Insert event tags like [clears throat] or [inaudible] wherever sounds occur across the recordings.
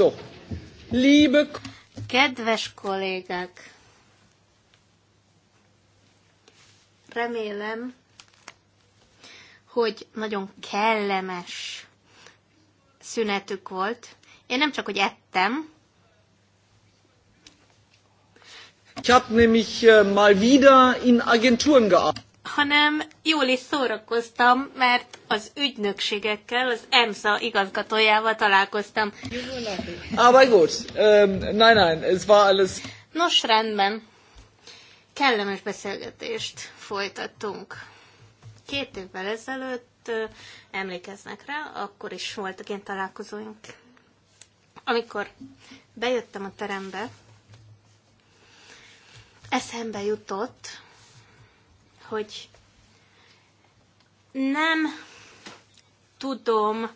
So, liebe... Kedves kollégák! Remélem, hogy nagyon kellemes szünetük volt. Én nem csak, hogy ettem. Ich habe nämlich äh, mal wieder in Agenturen gearbeitet hanem jól is szórakoztam, mert az ügynökségekkel, az EMSA igazgatójával találkoztam. Ah, volt. Um, nein, nein, ez war alles... Nos, rendben. Kellemes beszélgetést folytattunk. Két évvel ezelőtt emlékeznek rá, akkor is voltak ilyen találkozóink. Amikor bejöttem a terembe, eszembe jutott, hogy nem tudom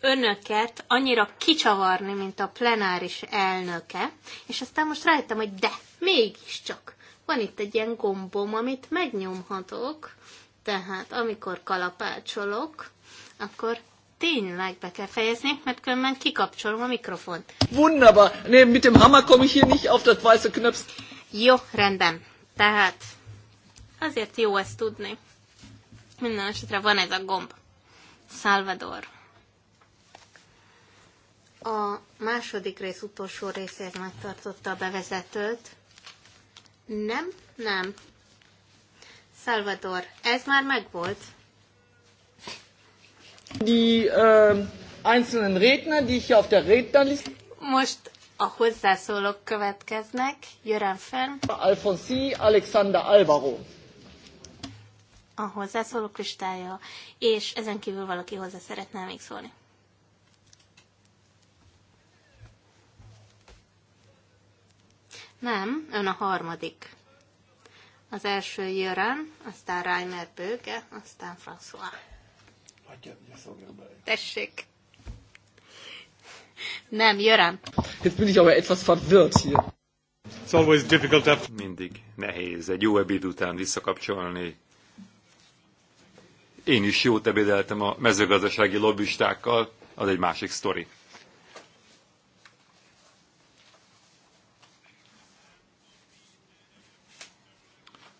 önöket annyira kicsavarni, mint a plenáris elnöke, és aztán most rájöttem, hogy de, mégiscsak. Van itt egy ilyen gombom, amit megnyomhatok, tehát amikor kalapácsolok, akkor tényleg be kell fejezni, mert különben kikapcsolom a mikrofont. Wunderbar! Ne, mit dem Hammer komme ich hier nicht auf das weiße Knöpsz. Jó, rendben. Tehát Azért jó ezt tudni. Minden esetre van ez a gomb. Salvador. A második rész utolsó részéhez megtartotta a bevezetőt. Nem, nem. Salvador, ez már megvolt. Die uh, einzelnen Redner, die ich auf der Rednerliste... Most a hozzászólók következnek. Jörem fel. Alfonsi Alexander Alvaro a hozzászóló kristálya, és ezen kívül valaki hozzá szeretne még szólni. Nem, ön a harmadik. Az első Jörán, aztán Reiner Bőge, aztán François. Hagyja, Tessék. Nem, Jörán. Jetzt bin ich aber etwas verwirrt hier. It's always difficult after... Mindig nehéz egy jó ebéd után visszakapcsolni én is jót ebédeltem a mezőgazdasági lobbistákkal, az egy másik sztori.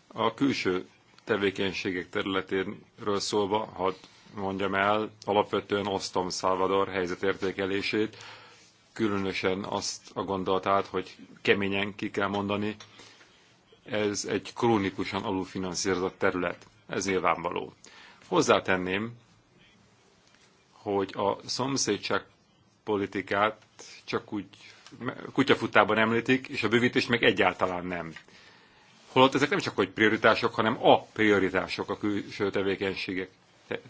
A külső tevékenységek területéről szólva, hadd mondjam el, alapvetően osztom Salvador helyzetértékelését, különösen azt a gondolatát, hogy keményen ki kell mondani, ez egy krónikusan alulfinanszírozott terület. Ez nyilvánvaló. Hozzátenném, hogy a szomszédság politikát csak úgy kutyafutában említik, és a bővítés meg egyáltalán nem. Holott ezek nem csak hogy prioritások, hanem a prioritások a külső tevékenységek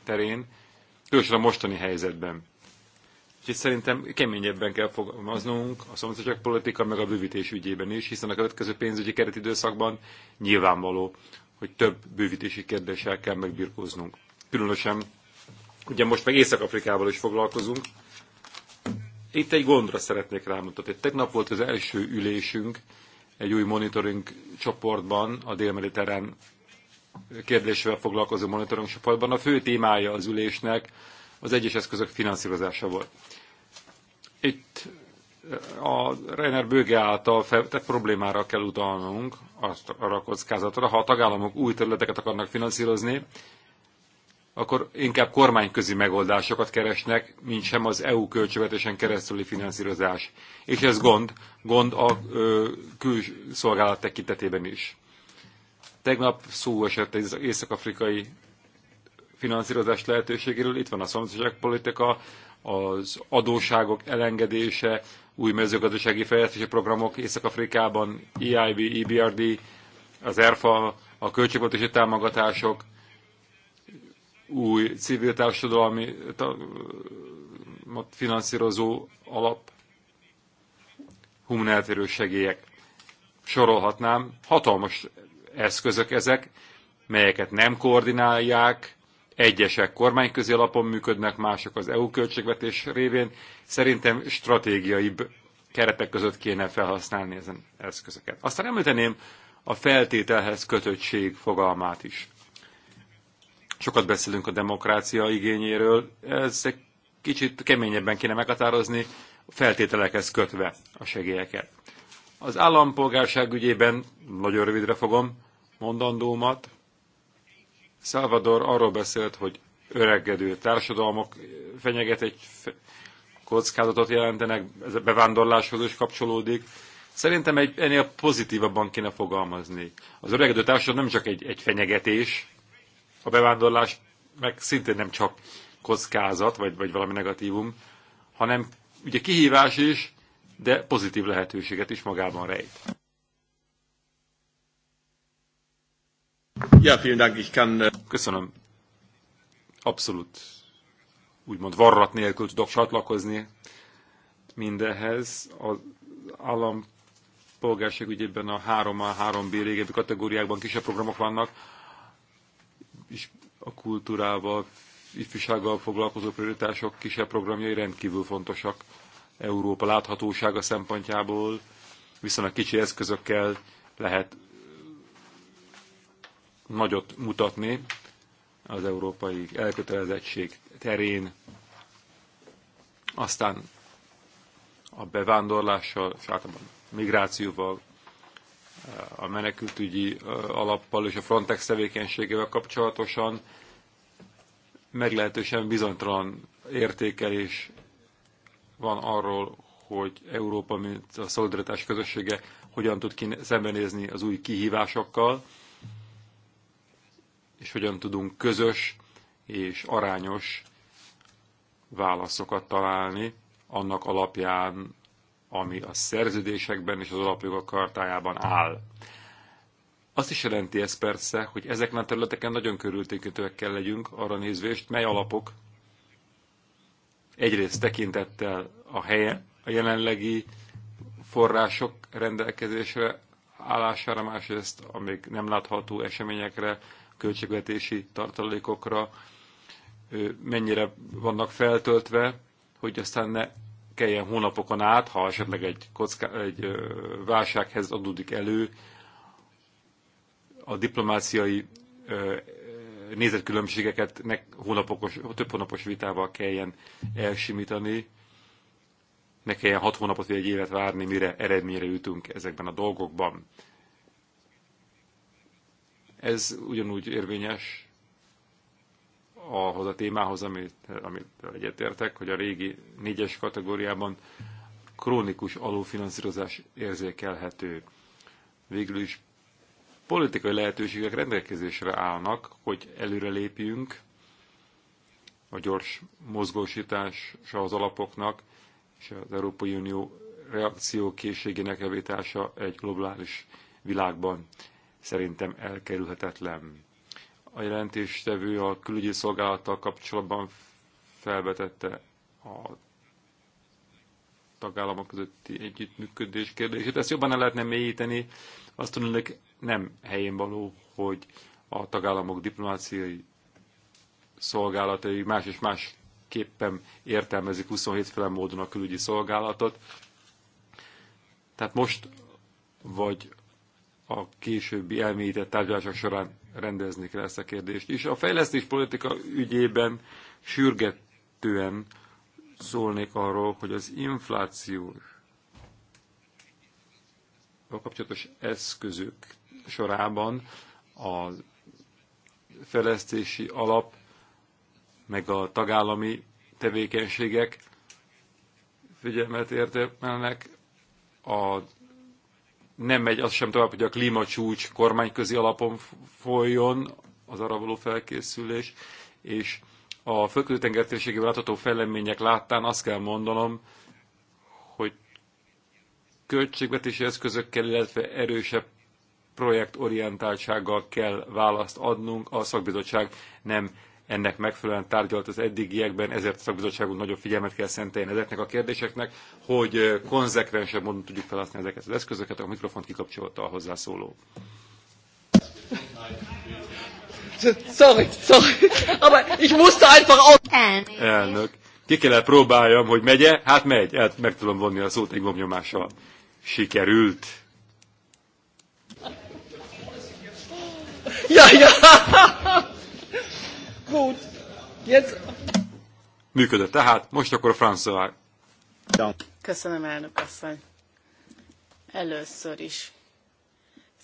terén, különösen a mostani helyzetben. Úgyhogy szerintem keményebben kell fogalmaznunk a politika, meg a bővítés ügyében is, hiszen a következő pénzügyi keretidőszakban nyilvánvaló, hogy több bővítési kérdéssel kell megbirkóznunk különösen, ugye most meg Észak-Afrikával is foglalkozunk. Itt egy gondra szeretnék rámutatni. Tegnap volt az első ülésünk egy új monitoring csoportban, a dél-mediterrán kérdésével foglalkozó monitoring csoportban. A fő témája az ülésnek az egyes eszközök finanszírozása volt. Itt eh, a Reiner Bőge által feltett problémára kell utalnunk, azt, arra a kockázatra, ha a tagállamok új területeket akarnak finanszírozni, akkor inkább kormányközi megoldásokat keresnek, mint sem az EU költségvetésen keresztüli finanszírozás. És ez gond, gond a külszolgálat tekintetében is. Tegnap szó esett az észak-afrikai finanszírozás lehetőségéről, itt van a politika, az adóságok elengedése, új mezőgazdasági fejlesztési programok Észak-Afrikában, EIB, e EBRD, az ERFA, a költségvetési támogatások, új civil társadalmi finanszírozó alap, humanitárius segélyek. Sorolhatnám, hatalmas eszközök ezek, melyeket nem koordinálják, egyesek kormányközi alapon működnek, mások az EU költségvetés révén. Szerintem stratégiaibb keretek között kéne felhasználni ezen eszközöket. Aztán említeném a feltételhez kötöttség fogalmát is. Sokat beszélünk a demokrácia igényéről, ezek kicsit keményebben kéne meghatározni, feltételekhez kötve a segélyeket. Az állampolgárság ügyében nagyon rövidre fogom mondandómat. Salvador arról beszélt, hogy öregedő társadalmak fenyeget egy kockázatot jelentenek, ez a bevándorláshoz is kapcsolódik. Szerintem egy, ennél pozitívabban kéne fogalmazni. Az öregedő társadalom nem csak egy, egy fenyegetés, a bevándorlás meg szintén nem csak kockázat, vagy, vagy valami negatívum, hanem ugye kihívás is, de pozitív lehetőséget is magában rejt. Ja, vielen Dank, ich kann... Äh, Köszönöm. Abszolút úgymond varrat nélkül tudok csatlakozni Mindehhez Az állampolgárság ügyében a 3A, 3B régebbi kategóriákban kisebb programok vannak, is a kultúrával, ifjúsággal foglalkozó prioritások kisebb programjai rendkívül fontosak Európa láthatósága szempontjából, viszont a kicsi eszközökkel lehet nagyot mutatni az európai elkötelezettség terén. Aztán a bevándorlással, és általában migrációval a menekültügyi alappal és a Frontex tevékenységével kapcsolatosan meglehetősen bizonytalan értékelés van arról, hogy Európa, mint a szolidaritás közössége hogyan tud szembenézni az új kihívásokkal, és hogyan tudunk közös és arányos válaszokat találni annak alapján, ami a szerződésekben és az alapjogok kartájában áll. Azt is jelenti ez persze, hogy ezeken a területeken nagyon körültékítőek kell legyünk, arra nézvést, mely alapok egyrészt tekintettel a, helye, a jelenlegi források rendelkezésre állására, másrészt a még nem látható eseményekre, költségvetési tartalékokra, mennyire vannak feltöltve, hogy aztán ne kelljen hónapokon át, ha esetleg egy, kocká, egy válsághez adódik elő, a diplomáciai nézetkülönbségeket ne hónapokos, több hónapos vitával kelljen elsimítani, ne kelljen hat hónapot vagy egy évet várni, mire eredményre jutunk ezekben a dolgokban. Ez ugyanúgy érvényes ahhoz a témához, amit, amit egyetértek, hogy a régi négyes kategóriában krónikus alulfinanszírozás érzékelhető. Végül is politikai lehetőségek rendelkezésre állnak, hogy előrelépjünk a gyors mozgósítása az alapoknak, és az Európai Unió készségének javítása egy globális világban szerintem elkerülhetetlen a jelentéstevő a külügyi szolgálattal kapcsolatban felvetette a tagállamok közötti együttműködés kérdését. Ezt jobban el lehetne mélyíteni, azt tudom, nem helyén való, hogy a tagállamok diplomáciai szolgálatai más és más képpen értelmezik 27 féle módon a külügyi szolgálatot. Tehát most vagy a későbbi elmélyített tárgyalások során rendezni kell ezt a kérdést is. A fejlesztés politika ügyében sürgetően szólnék arról, hogy az infláció a kapcsolatos eszközök sorában a fejlesztési alap meg a tagállami tevékenységek figyelmet értelmelnek a nem megy az sem tovább, hogy a klímacsúcs kormányközi alapon folyjon az arra való felkészülés, és a földközi látható fejlemények láttán azt kell mondanom, hogy költségvetési eszközökkel, illetve erősebb projektorientáltsággal kell választ adnunk, a szakbizottság nem ennek megfelelően tárgyalt az eddigiekben, ezért a szakbizottságunk nagyobb figyelmet kell szentelni ezeknek a kérdéseknek, hogy konzekvensebb módon tudjuk felhasználni ezeket az eszközöket, a mikrofont kikapcsolta a hozzászóló. Sorry, sorry, ich musste einfach Elnök. Ki kellett próbáljam, hogy megye? Hát megy, El, meg tudom vonni a szót egy gombnyomással. Sikerült. Ja, ja. Gut. Jetzt. Működött tehát, most akkor François. Köszönöm, elnök asszony. Először is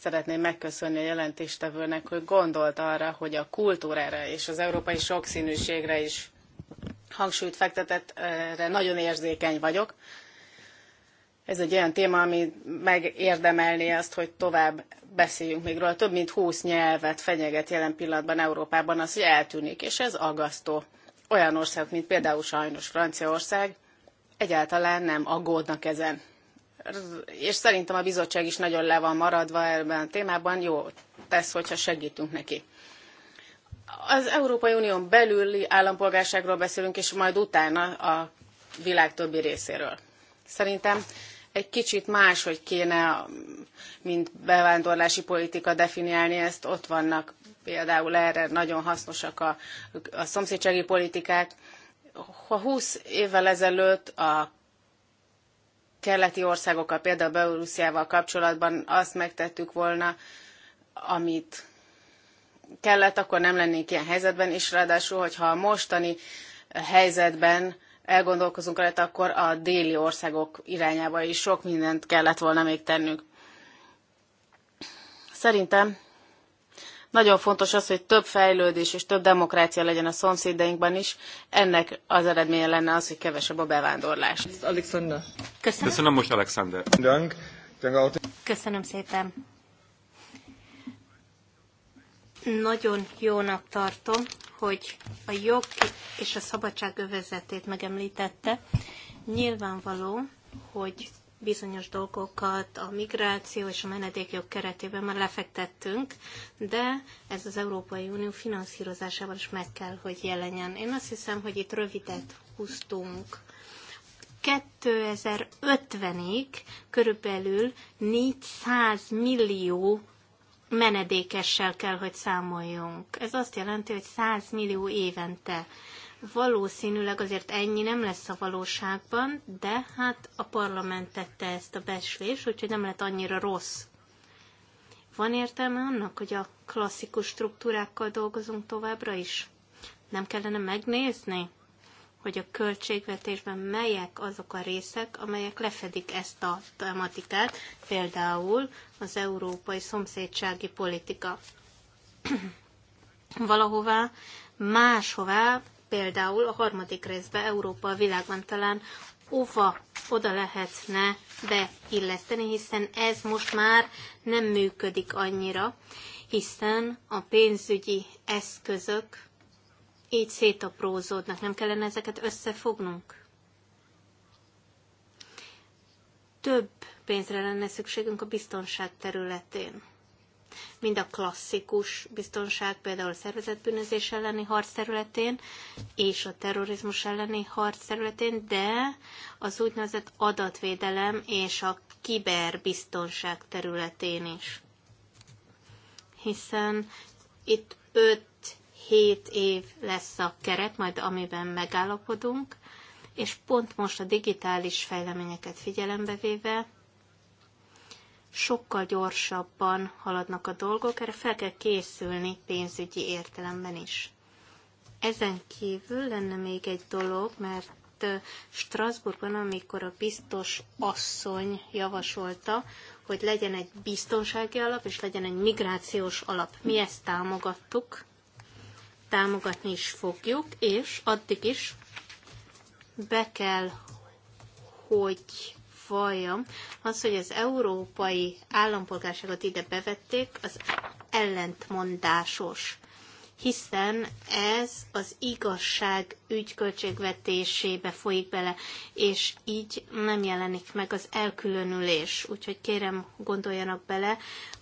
szeretném megköszönni a jelentéstevőnek, hogy gondolt arra, hogy a kultúrára és az európai sokszínűségre is hangsúlyt fektetett, erre nagyon érzékeny vagyok ez egy olyan téma, ami megérdemelné azt, hogy tovább beszéljünk még róla. Több mint húsz nyelvet fenyeget jelen pillanatban Európában az, hogy eltűnik, és ez agasztó. Olyan országok, mint például sajnos Franciaország, egyáltalán nem aggódnak ezen. És szerintem a bizottság is nagyon le van maradva ebben a témában, jó tesz, hogyha segítünk neki. Az Európai Unión belüli állampolgárságról beszélünk, és majd utána a világ többi részéről. Szerintem egy kicsit máshogy kéne, mint bevándorlási politika definiálni ezt. Ott vannak például erre nagyon hasznosak a, a szomszédsági politikák. Ha 20 évvel ezelőtt a keleti országokkal, például Belorussziával kapcsolatban azt megtettük volna, amit kellett, akkor nem lennénk ilyen helyzetben, és ráadásul, hogyha a mostani helyzetben elgondolkozunk rajta, akkor a déli országok irányába is sok mindent kellett volna még tennünk. Szerintem nagyon fontos az, hogy több fejlődés és több demokrácia legyen a szomszédainkban is. Ennek az eredménye lenne az, hogy kevesebb a bevándorlás. Alexander. Köszönöm. Köszönöm most, Alexander. Köszönöm szépen. Nagyon jónak tartom, hogy a jog és a szabadság övezetét megemlítette. Nyilvánvaló, hogy bizonyos dolgokat a migráció és a menedékjog keretében már lefektettünk, de ez az Európai Unió finanszírozásával is meg kell, hogy jelenjen. Én azt hiszem, hogy itt rövidet húztunk. 2050-ig körülbelül 400 millió menedékessel kell, hogy számoljunk. Ez azt jelenti, hogy 100 millió évente. Valószínűleg azért ennyi nem lesz a valóságban, de hát a parlament tette ezt a beslés, úgyhogy nem lett annyira rossz. Van értelme annak, hogy a klasszikus struktúrákkal dolgozunk továbbra is? Nem kellene megnézni, hogy a költségvetésben melyek azok a részek, amelyek lefedik ezt a tematikát, például az európai szomszédsági politika. [clears throat] Valahová, máshová, például a harmadik részbe, Európa a világban talán ova oda lehetne beilleszteni, hiszen ez most már nem működik annyira, hiszen a pénzügyi eszközök így szétaprózódnak. Nem kellene ezeket összefognunk? Több pénzre lenne szükségünk a biztonság területén. Mind a klasszikus biztonság, például a szervezetbűnözés elleni harc területén, és a terrorizmus elleni harc területén, de az úgynevezett adatvédelem és a kiberbiztonság területén is. Hiszen itt öt 7 év lesz a keret, majd amiben megállapodunk, és pont most a digitális fejleményeket figyelembe véve sokkal gyorsabban haladnak a dolgok, erre fel kell készülni pénzügyi értelemben is. Ezen kívül lenne még egy dolog, mert Strasbourgban, amikor a biztos asszony javasolta, hogy legyen egy biztonsági alap, és legyen egy migrációs alap. Mi ezt támogattuk, támogatni is fogjuk, és addig is be kell, hogy valljam, az, hogy az európai állampolgárságot ide bevették, az ellentmondásos hiszen ez az igazság ügyköltségvetésébe folyik bele, és így nem jelenik meg az elkülönülés. Úgyhogy kérem, gondoljanak bele,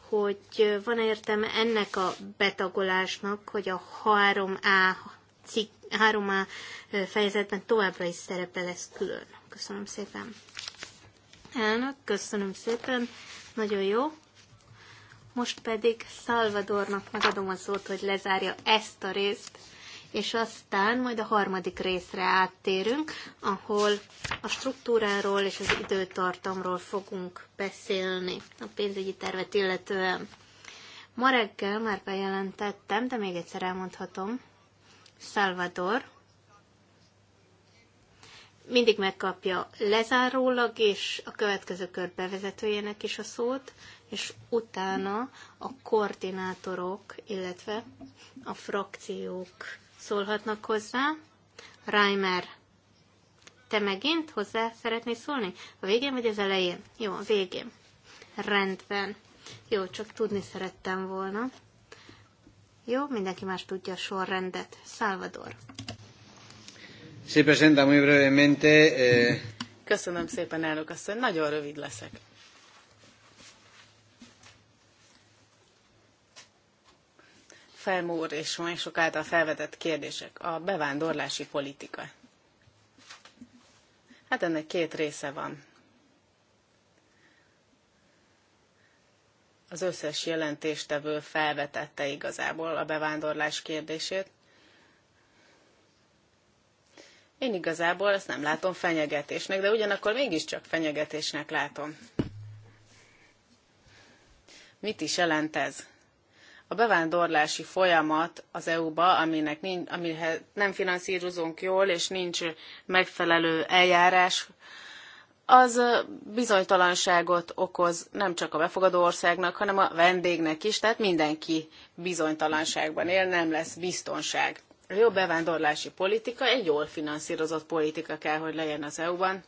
hogy van értelme ennek a betagolásnak, hogy a 3A, cik, 3A fejezetben továbbra is szerepel ez külön. Köszönöm szépen. Elnök, köszönöm szépen. Nagyon jó. Most pedig Salvadornak megadom a szót, hogy lezárja ezt a részt és aztán majd a harmadik részre áttérünk, ahol a struktúráról és az időtartamról fogunk beszélni a pénzügyi tervet illetően. Ma reggel már bejelentettem, de még egyszer elmondhatom, Salvador mindig megkapja lezárólag, és a következő kör bevezetőjének is a szót, és utána a koordinátorok, illetve a frakciók szólhatnak hozzá. Reimer, te megint hozzá szeretnél szólni? A végén vagy az elején? Jó, a végén. Rendben. Jó, csak tudni szerettem volna. Jó, mindenki más tudja a sorrendet. Salvador. Sí, presenta muy brevemente. Eh... Köszönöm szépen, elnök asszony. Nagyon rövid leszek. Felmúr és mások által felvetett kérdések. A bevándorlási politika. Hát ennek két része van. Az összes jelentéstevő felvetette igazából a bevándorlás kérdését. Én igazából ezt nem látom fenyegetésnek, de ugyanakkor mégiscsak fenyegetésnek látom. Mit is jelent ez? A bevándorlási folyamat az EU-ba, aminek nincs, amihez nem finanszírozunk jól, és nincs megfelelő eljárás, az bizonytalanságot okoz nem csak a befogadó országnak, hanem a vendégnek is, tehát mindenki bizonytalanságban él, nem lesz biztonság. A jó bevándorlási politika egy jól finanszírozott politika kell, hogy legyen az EU-ban,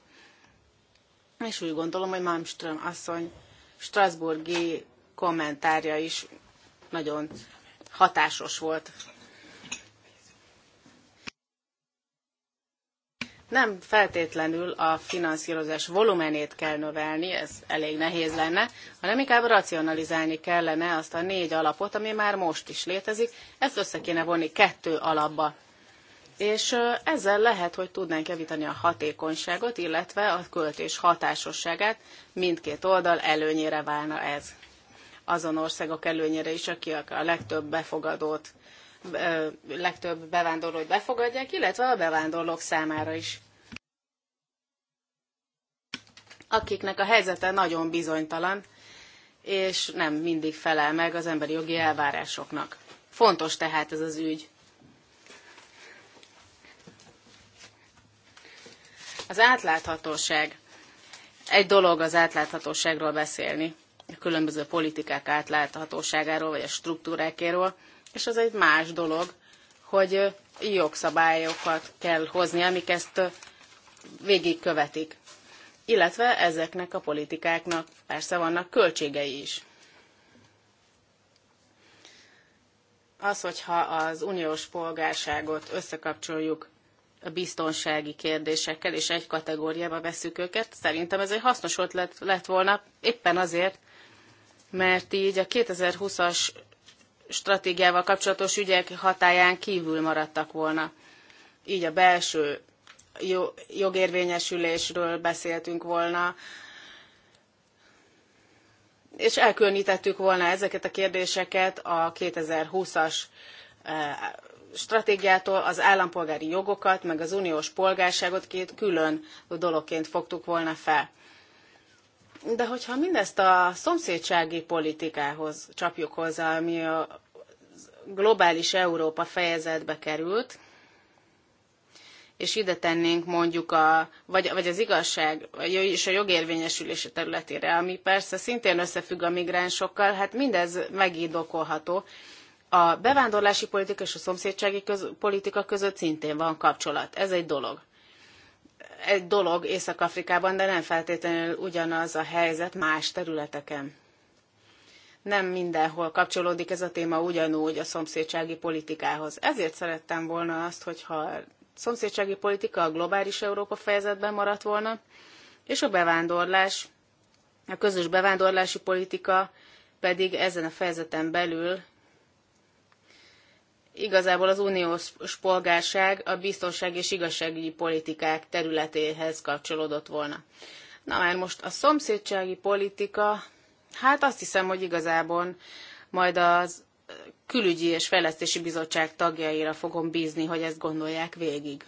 és úgy gondolom, hogy Malmström asszony Strasburgi kommentárja is nagyon hatásos volt. Nem feltétlenül a finanszírozás volumenét kell növelni, ez elég nehéz lenne, hanem inkább racionalizálni kellene azt a négy alapot, ami már most is létezik, ezt össze kéne vonni kettő alapba. És ezzel lehet, hogy tudnánk javítani a hatékonyságot, illetve a költés hatásosságát, mindkét oldal előnyére válna ez azon országok előnyére is, akik a legtöbb befogadót, legtöbb bevándorlót befogadják, illetve a bevándorlók számára is. Akiknek a helyzete nagyon bizonytalan, és nem mindig felel meg az emberi jogi elvárásoknak. Fontos tehát ez az ügy. Az átláthatóság. Egy dolog az átláthatóságról beszélni a különböző politikák átláthatóságáról, vagy a struktúrákéről, és az egy más dolog, hogy jogszabályokat kell hozni, amik ezt végigkövetik. Illetve ezeknek a politikáknak persze vannak költségei is. Az, hogyha az uniós polgárságot összekapcsoljuk a biztonsági kérdésekkel, és egy kategóriába veszük őket, szerintem ez egy hasznos ötlet lett volna, éppen azért, mert így a 2020-as stratégiával kapcsolatos ügyek hatáján kívül maradtak volna. Így a belső jogérvényesülésről beszéltünk volna, és elkülönítettük volna ezeket a kérdéseket a 2020-as eh, stratégiától az állampolgári jogokat, meg az uniós polgárságot két külön dologként fogtuk volna fel. De hogyha mindezt a szomszédsági politikához csapjuk hozzá, ami a globális Európa fejezetbe került, és ide tennénk mondjuk a, vagy, vagy az igazság, és a jogérvényesülési területére, ami persze szintén összefügg a migránsokkal, hát mindez megindokolható. A bevándorlási politika és a szomszédsági köz, politika között szintén van kapcsolat. Ez egy dolog egy dolog Észak-Afrikában, de nem feltétlenül ugyanaz a helyzet más területeken. Nem mindenhol kapcsolódik ez a téma ugyanúgy a szomszédsági politikához. Ezért szerettem volna azt, hogyha a szomszédsági politika a globális Európa fejezetben maradt volna, és a bevándorlás, a közös bevándorlási politika pedig ezen a fejezeten belül igazából az uniós polgárság a biztonság és igazságügyi politikák területéhez kapcsolódott volna. Na már most a szomszédsági politika, hát azt hiszem, hogy igazából majd az külügyi és fejlesztési bizottság tagjaira fogom bízni, hogy ezt gondolják végig.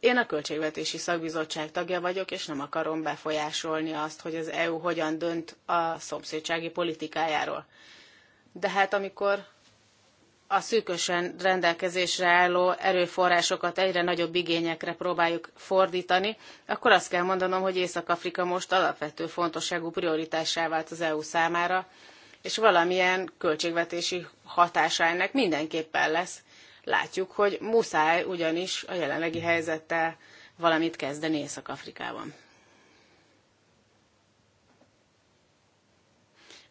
Én a Költségvetési Szakbizottság tagja vagyok, és nem akarom befolyásolni azt, hogy az EU hogyan dönt a szomszédsági politikájáról de hát amikor a szűkösen rendelkezésre álló erőforrásokat egyre nagyobb igényekre próbáljuk fordítani, akkor azt kell mondanom, hogy Észak-Afrika most alapvető fontosságú prioritássá vált az EU számára, és valamilyen költségvetési hatása ennek mindenképpen lesz. Látjuk, hogy muszáj ugyanis a jelenlegi helyzettel valamit kezdeni Észak-Afrikában.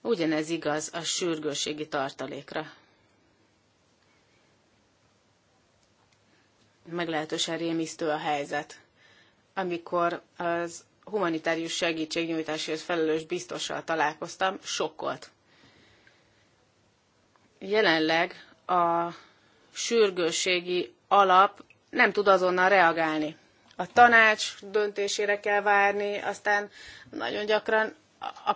Ugyanez igaz a sürgőségi tartalékra. Meglehetősen rémisztő a helyzet, amikor az humanitárius segítségnyújtásért felelős biztossal találkoztam, sokkolt. Jelenleg a sürgőségi alap nem tud azonnal reagálni. A tanács döntésére kell várni, aztán nagyon gyakran a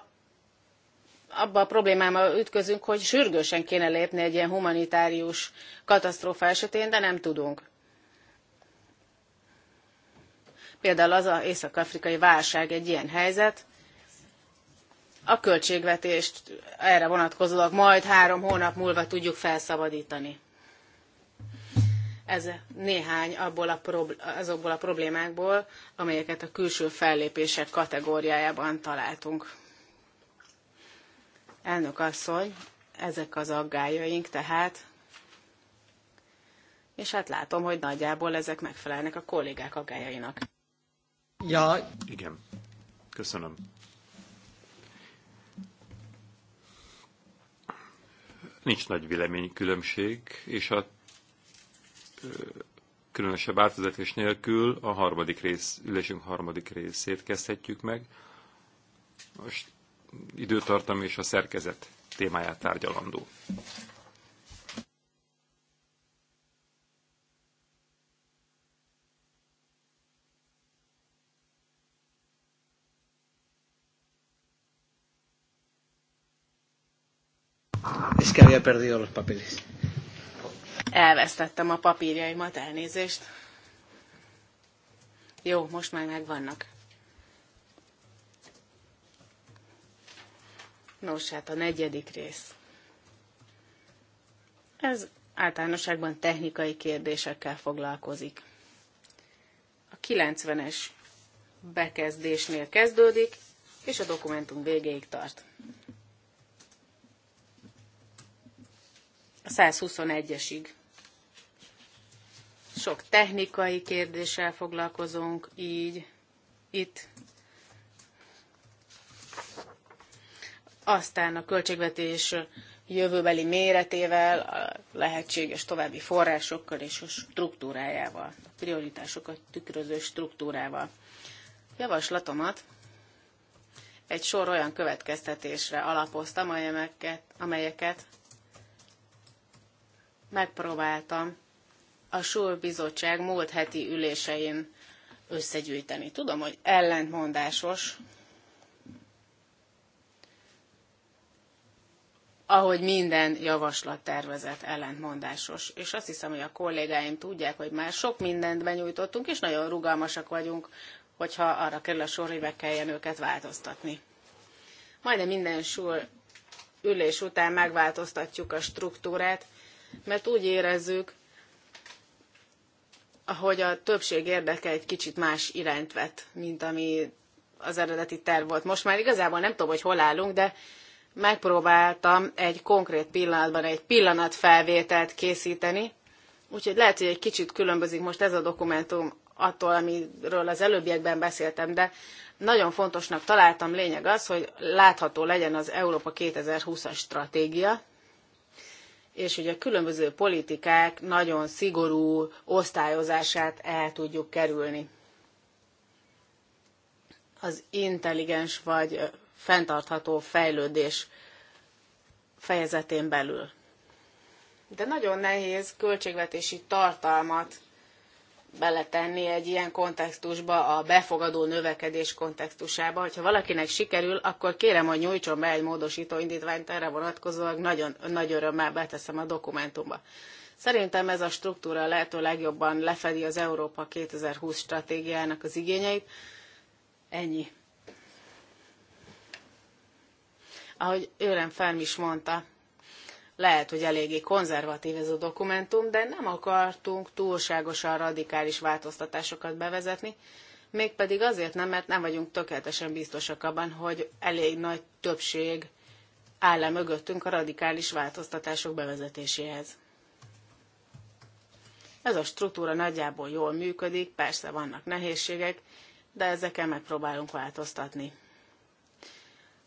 abba a problémámmal ütközünk, hogy sürgősen kéne lépni egy ilyen humanitárius katasztrófa esetén, de nem tudunk. Például az a észak-afrikai válság egy ilyen helyzet, a költségvetést erre vonatkozólag majd három hónap múlva tudjuk felszabadítani. Ez néhány abból a azokból a problémákból, amelyeket a külső fellépések kategóriájában találtunk. Elnök asszony, ezek az aggájaink tehát, és hát látom, hogy nagyjából ezek megfelelnek a kollégák aggájainak. Ja. Igen. Köszönöm. Nincs nagy véleménykülönbség, és a különösebb átvezetés nélkül a harmadik rész, ülésünk harmadik részét kezdhetjük meg. Most időtartam és a szerkezet témáját tárgyalandó. Es que había perdido los papeles. Elvesztettem a papírjaimat, elnézést. Jó, most már megvannak. Nos, hát a negyedik rész. Ez általánosságban technikai kérdésekkel foglalkozik. A 90-es bekezdésnél kezdődik, és a dokumentum végéig tart. A 121-esig. Sok technikai kérdéssel foglalkozunk, így itt aztán a költségvetés jövőbeli méretével, a lehetséges további forrásokkal és a struktúrájával, a prioritásokat tükröző struktúrával. Javaslatomat egy sor olyan következtetésre alapoztam, amelyeket, amelyeket megpróbáltam a Súr Bizottság múlt heti ülésein összegyűjteni. Tudom, hogy ellentmondásos ahogy minden javaslattervezet ellentmondásos. És azt hiszem, hogy a kollégáim tudják, hogy már sok mindent benyújtottunk, és nagyon rugalmasak vagyunk, hogyha arra kerül a sor, hogy meg kelljen őket változtatni. Majdnem minden súl ülés után megváltoztatjuk a struktúrát, mert úgy érezzük, hogy a többség érdeke egy kicsit más irányt vett, mint ami az eredeti terv volt. Most már igazából nem tudom, hogy hol állunk, de megpróbáltam egy konkrét pillanatban egy pillanatfelvételt készíteni, úgyhogy lehet, hogy egy kicsit különbözik most ez a dokumentum attól, amiről az előbbiekben beszéltem, de nagyon fontosnak találtam lényeg az, hogy látható legyen az Európa 2020-as stratégia, és hogy a különböző politikák nagyon szigorú osztályozását el tudjuk kerülni. Az intelligens vagy fenntartható fejlődés fejezetén belül. De nagyon nehéz költségvetési tartalmat beletenni egy ilyen kontextusba, a befogadó növekedés kontextusába. Hogyha valakinek sikerül, akkor kérem, hogy nyújtson be egy módosító indítványt erre vonatkozólag, nagyon nagy örömmel beteszem a dokumentumba. Szerintem ez a struktúra lehető legjobban lefedi az Európa 2020 stratégiának az igényeit. Ennyi. ahogy Őrem Ferm is mondta, lehet, hogy eléggé konzervatív ez a dokumentum, de nem akartunk túlságosan radikális változtatásokat bevezetni, mégpedig azért nem, mert nem vagyunk tökéletesen biztosak abban, hogy elég nagy többség áll -e mögöttünk a radikális változtatások bevezetéséhez. Ez a struktúra nagyjából jól működik, persze vannak nehézségek, de ezeken megpróbálunk változtatni.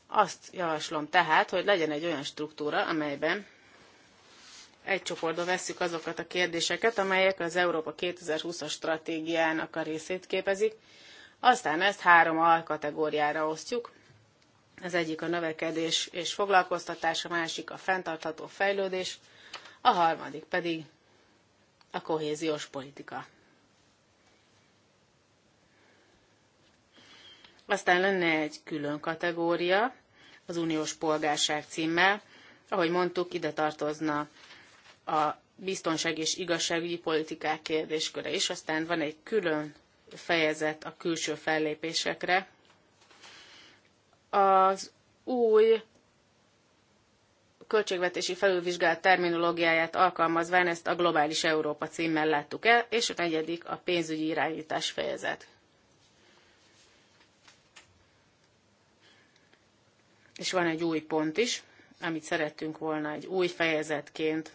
Azt javaslom tehát, hogy legyen egy olyan struktúra, amelyben egy csoportba vesszük azokat a kérdéseket, amelyek az Európa 2020-as stratégiának a részét képezik, aztán ezt három alkategóriára osztjuk. Az egyik a növekedés és foglalkoztatás, a másik a fenntartható fejlődés, a harmadik pedig a kohéziós politika. Aztán lenne egy külön kategória az uniós polgárság címmel. Ahogy mondtuk, ide tartozna a biztonság és igazságügyi politikák kérdésköre is. Aztán van egy külön fejezet a külső fellépésekre. Az új költségvetési felülvizsgálat terminológiáját alkalmazván ezt a Globális Európa címmel láttuk el, és a negyedik a pénzügyi irányítás fejezet. És van egy új pont is, amit szerettünk volna egy új fejezetként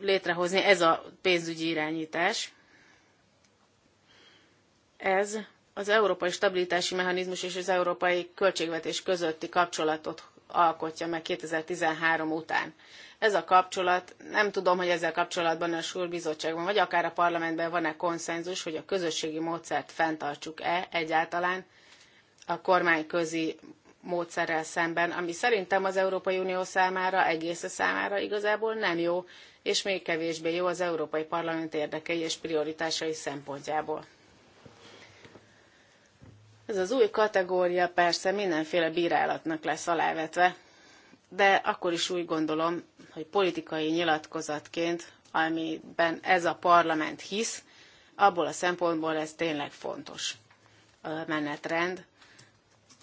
létrehozni, ez a pénzügyi irányítás. Ez az európai stabilitási mechanizmus és az európai költségvetés közötti kapcsolatot alkotja meg 2013 után. Ez a kapcsolat, nem tudom, hogy ezzel kapcsolatban a Súr Bizottságban, vagy akár a parlamentben van-e konszenzus, hogy a közösségi módszert fenntartsuk-e egyáltalán, a kormányközi módszerrel szemben, ami szerintem az Európai Unió számára, egész számára igazából nem jó, és még kevésbé jó az Európai Parlament érdekei és prioritásai szempontjából. Ez az új kategória persze mindenféle bírálatnak lesz alávetve, de akkor is úgy gondolom, hogy politikai nyilatkozatként, amiben ez a parlament hisz, abból a szempontból ez tényleg fontos. menetrend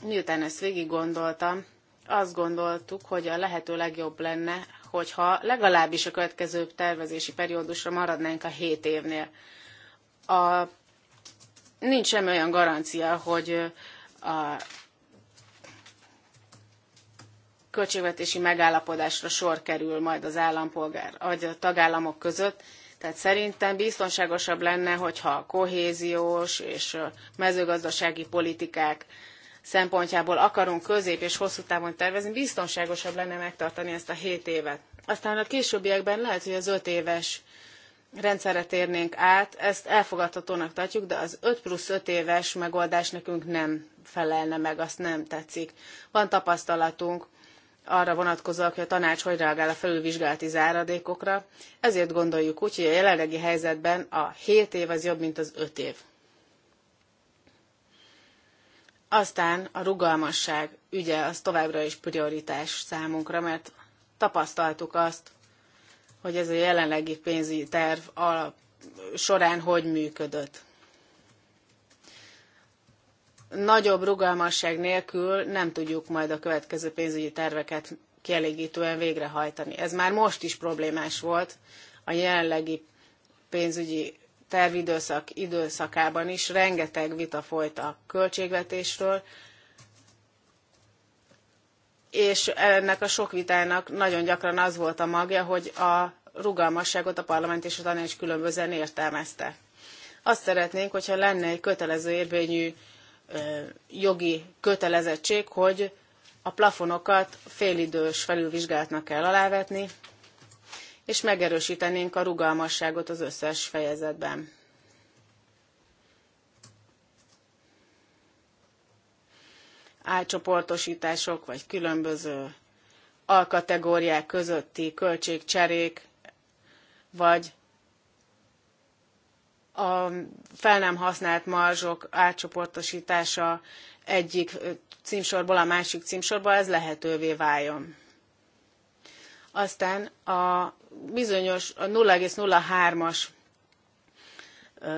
miután ezt végig gondoltam, azt gondoltuk, hogy a lehető legjobb lenne, hogyha legalábbis a következő tervezési periódusra maradnánk a 7 évnél. A, nincs semmi olyan garancia, hogy a költségvetési megállapodásra sor kerül majd az állampolgár, vagy a tagállamok között. Tehát szerintem biztonságosabb lenne, hogyha a kohéziós és mezőgazdasági politikák szempontjából akarunk közép és hosszú távon tervezni, biztonságosabb lenne megtartani ezt a 7 évet. Aztán a későbbiekben lehet, hogy az 5 éves rendszerre térnénk át, ezt elfogadhatónak tartjuk, de az 5 plusz 5 éves megoldás nekünk nem felelne meg, azt nem tetszik. Van tapasztalatunk arra vonatkozóak, hogy a tanács hogy reagál a felülvizsgálati záradékokra, ezért gondoljuk úgy, hogy a jelenlegi helyzetben a 7 év az jobb, mint az 5 év. Aztán a rugalmasság ügye az továbbra is prioritás számunkra, mert tapasztaltuk azt, hogy ez a jelenlegi pénzügyi terv alap során hogy működött. Nagyobb rugalmasság nélkül nem tudjuk majd a következő pénzügyi terveket kielégítően végrehajtani. Ez már most is problémás volt a jelenlegi pénzügyi tervidőszak időszakában is rengeteg vita folyt a költségvetésről, és ennek a sok vitának nagyon gyakran az volt a magja, hogy a rugalmasságot a parlament és a tanács különbözően értelmezte. Azt szeretnénk, hogyha lenne egy kötelező érvényű jogi kötelezettség, hogy a plafonokat félidős felülvizsgálatnak kell alávetni, és megerősítenénk a rugalmasságot az összes fejezetben. álcsoportosítások vagy különböző alkategóriák közötti költségcserék, vagy a fel nem használt marzsok átcsoportosítása egyik címsorból a másik címsorba, ez lehetővé váljon. Aztán a bizonyos a 0,03-as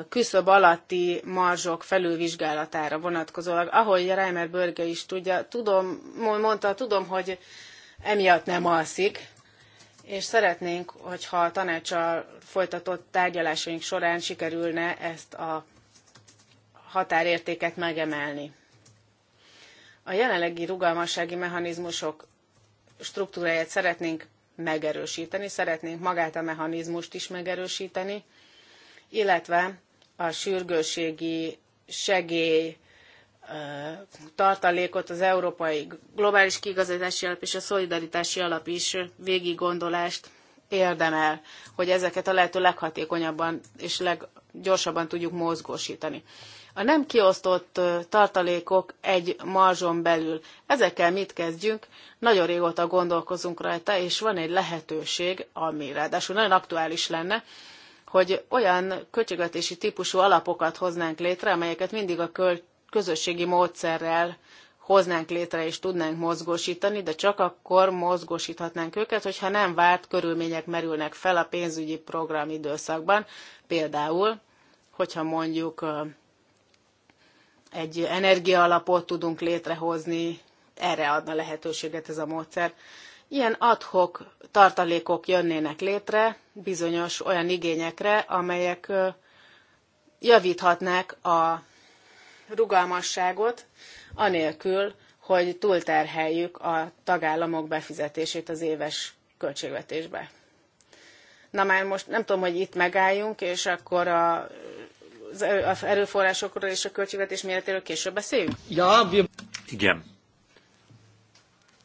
küszöb alatti marzsok felülvizsgálatára vonatkozólag. Ahogy Reimer Börge is tudja, tudom, mondta, tudom, hogy emiatt nem alszik, és szeretnénk, hogyha a tanácssal folytatott tárgyalásaink során sikerülne ezt a határértéket megemelni. A jelenlegi rugalmassági mechanizmusok struktúráját szeretnénk megerősíteni, szeretnénk magát a mechanizmust is megerősíteni, illetve a sürgősségi segély tartalékot az Európai Globális Kiigazítási Alap és a Szolidaritási Alap is végiggondolást érdemel, hogy ezeket a lehető leghatékonyabban és leggyorsabban tudjuk mozgósítani. A nem kiosztott tartalékok egy marzson belül. Ezekkel mit kezdjünk? Nagyon régóta gondolkozunk rajta, és van egy lehetőség, ami ráadásul nagyon aktuális lenne, hogy olyan költségvetési típusú alapokat hoznánk létre, amelyeket mindig a közösségi módszerrel hoznánk létre és tudnánk mozgósítani, de csak akkor mozgósíthatnánk őket, hogyha nem várt körülmények merülnek fel a pénzügyi program időszakban. Például, hogyha mondjuk egy energiaalapot tudunk létrehozni, erre adna lehetőséget ez a módszer. Ilyen adhok tartalékok jönnének létre bizonyos olyan igényekre, amelyek javíthatnák a rugalmasságot, anélkül, hogy túlterheljük a tagállamok befizetését az éves költségvetésbe. Na már most nem tudom, hogy itt megálljunk, és akkor a az erőforrásokról és a költségvetés méretéről később beszéljünk? Ja, igen.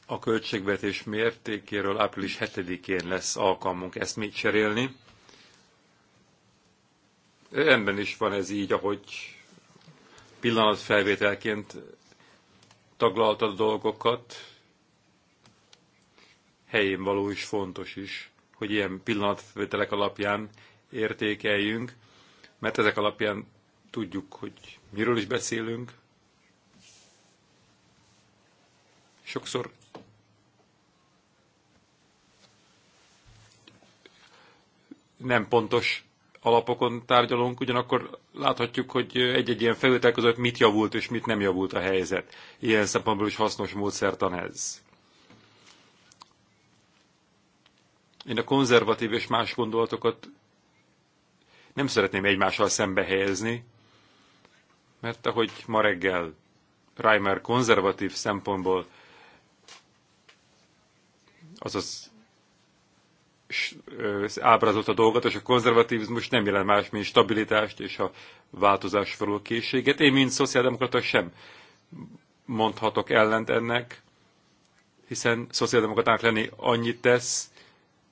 A költségvetés mértékéről április 7-én lesz alkalmunk ezt cserélni. Rendben is van ez így, ahogy pillanatfelvételként taglaltad a dolgokat. Helyén való is fontos is, hogy ilyen pillanatfelvételek alapján értékeljünk mert ezek alapján tudjuk, hogy miről is beszélünk. Sokszor nem pontos alapokon tárgyalunk, ugyanakkor láthatjuk, hogy egy-egy ilyen felültel között mit javult és mit nem javult a helyzet. Ilyen szempontból is hasznos módszertan ez. Én a konzervatív és más gondolatokat nem szeretném egymással szembe helyezni, mert ahogy ma reggel Reimer konzervatív szempontból, azaz ábrázolta a dolgot, és a konzervatívizmus nem jelent más, mint stabilitást és a változás való készséget. Én, mint szociáldemokrata sem mondhatok ellent ennek, hiszen szociáldemokratának lenni annyit tesz,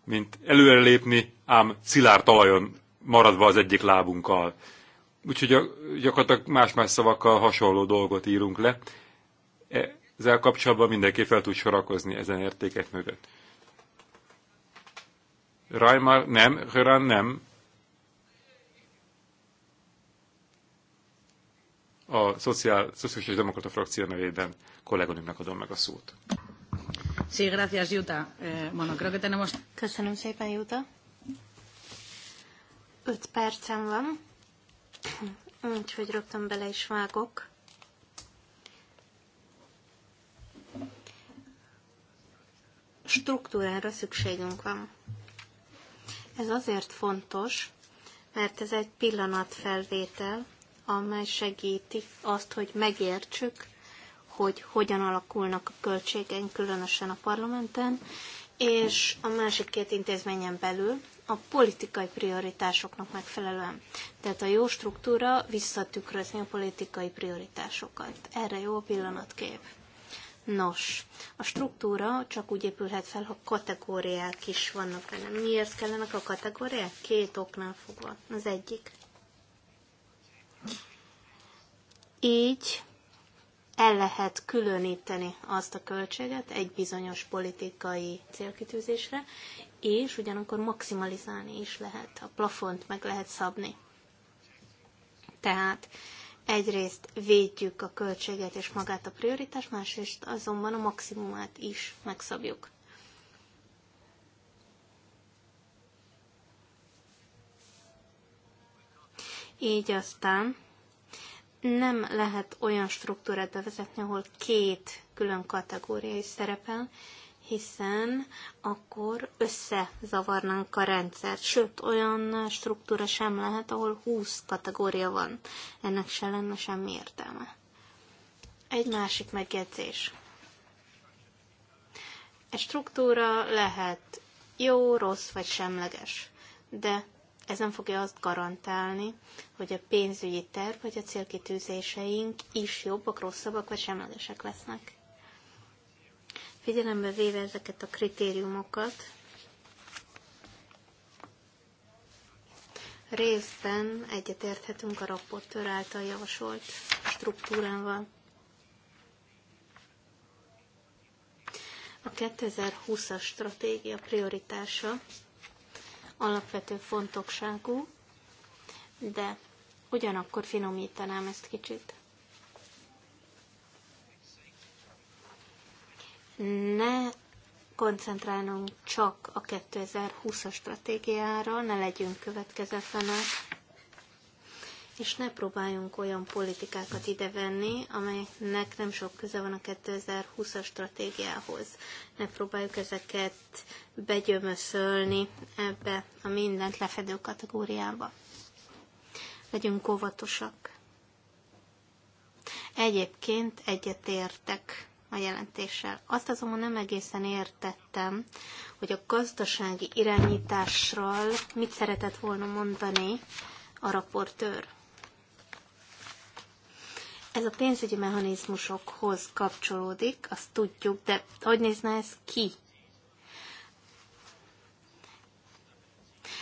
mint előrelépni, ám szilárd talajon maradva az egyik lábunkkal. Úgyhogy gyakorlatilag más-más szavakkal hasonló dolgot írunk le. Ezzel kapcsolatban mindenki fel tud sorakozni ezen értékek mögött. Rajmar nem, Hörán nem. A Szociál, Szociális és Demokrata frakció nevében kolléganőmnek adom meg a szót. Sí, gracias, Juta. Eh, bueno, creo que tenemos... Köszönöm szépen, Juta. 5 percem van, [clears throat] úgyhogy rögtön bele is vágok. Struktúrára szükségünk van. Ez azért fontos, mert ez egy pillanatfelvétel, amely segíti azt, hogy megértsük, hogy hogyan alakulnak a költségeink, különösen a parlamenten, és a másik két intézményen belül, a politikai prioritásoknak megfelelően. Tehát a jó struktúra visszatükrözni a politikai prioritásokat. Erre jó a pillanatkép. Nos, a struktúra csak úgy épülhet fel, ha kategóriák is vannak benne. Miért kellenek a kategóriák? Két oknál fogva. Az egyik. Így el lehet különíteni azt a költséget egy bizonyos politikai célkitűzésre, és ugyanakkor maximalizálni is lehet, a plafont meg lehet szabni. Tehát egyrészt védjük a költséget és magát a prioritást, másrészt azonban a maximumát is megszabjuk. Így aztán nem lehet olyan struktúrát bevezetni, ahol két külön kategória is szerepel, hiszen akkor összezavarnánk a rendszert. Sőt, olyan struktúra sem lehet, ahol 20 kategória van. Ennek se lenne semmi értelme. Egy másik megjegyzés. Egy struktúra lehet jó, rossz vagy semleges, de ez nem fogja azt garantálni, hogy a pénzügyi terv vagy a célkitűzéseink is jobbak, rosszabbak vagy semlegesek lesznek. Figyelembe véve ezeket a kritériumokat, részben egyetérthetünk a rapportőr által javasolt struktúrával. A 2020-as stratégia prioritása alapvető fontosságú, de ugyanakkor finomítanám ezt kicsit. ne koncentrálnunk csak a 2020-as stratégiára, ne legyünk következetlenek, és ne próbáljunk olyan politikákat idevenni, amelynek nem sok köze van a 2020-as stratégiához. Ne próbáljuk ezeket begyömöszölni ebbe a mindent lefedő kategóriába. Legyünk óvatosak. Egyébként egyetértek a jelentéssel. Azt azonban nem egészen értettem, hogy a gazdasági irányításról mit szeretett volna mondani a raportőr. Ez a pénzügyi mechanizmusokhoz kapcsolódik, azt tudjuk, de hogy nézne ez ki?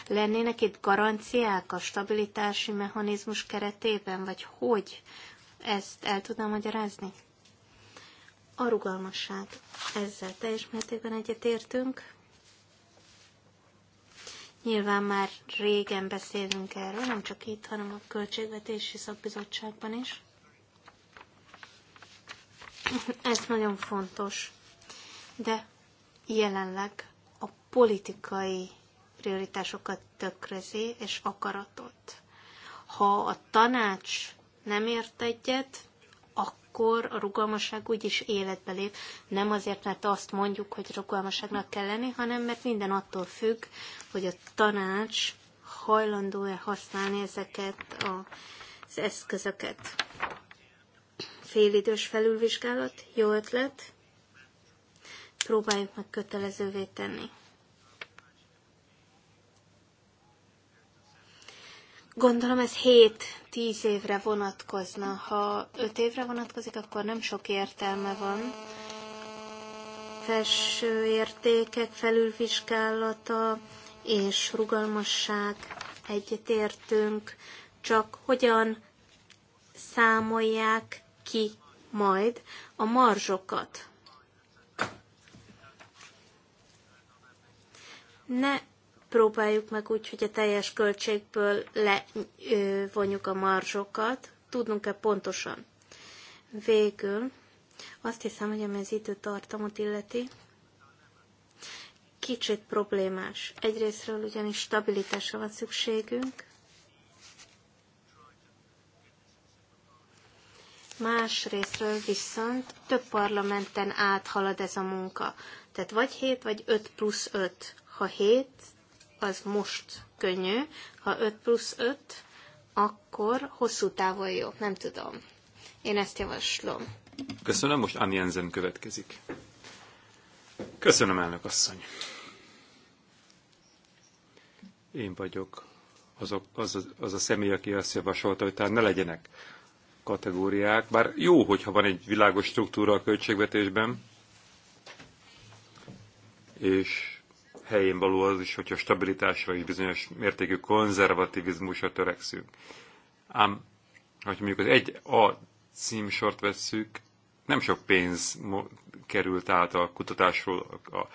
Lennének itt garanciák a stabilitási mechanizmus keretében, vagy hogy? Ezt el tudnám magyarázni? a rugalmasság. Ezzel teljes mértékben egyetértünk. Nyilván már régen beszélünk erről, nem csak itt, hanem a Költségvetési Szakbizottságban is. Ez nagyon fontos. De jelenleg a politikai prioritásokat tökrözi és akaratot. Ha a tanács nem ért egyet, akkor a rugalmasság úgyis életbe lép. Nem azért, mert azt mondjuk, hogy rugalmasságnak kell lenni, hanem mert minden attól függ, hogy a tanács hajlandó-e használni ezeket az eszközöket. Félidős felülvizsgálat, jó ötlet, próbáljuk meg kötelezővé tenni. Gondolom ez 7-10 évre vonatkozna. Ha 5 évre vonatkozik, akkor nem sok értelme van. Felső értékek felülvizsgálata és rugalmasság egyetértünk, csak hogyan számolják ki majd a marzsokat. Ne próbáljuk meg úgy, hogy a teljes költségből levonjuk a marzsokat. Tudnunk-e pontosan? Végül azt hiszem, hogy ami az időtartamot illeti, kicsit problémás. Egyrésztről ugyanis stabilitásra van szükségünk, más részről viszont több parlamenten áthalad ez a munka. Tehát vagy 7, vagy 5 plusz 5. Ha 7, az most könnyű, ha 5 plusz 5, akkor hosszú távon jó. nem tudom. Én ezt javaslom. Köszönöm, most Anni Enzen következik. Köszönöm, elnök asszony. Én vagyok az a, az, a, az a személy, aki azt javasolta, hogy tehát ne legyenek kategóriák, bár jó, hogyha van egy világos struktúra a költségvetésben, és helyén való az is, hogyha stabilitásra és bizonyos mértékű konzervativizmusra törekszünk. Ám, ha mondjuk az egy a címsort vesszük, nem sok pénz került át a kutatásról a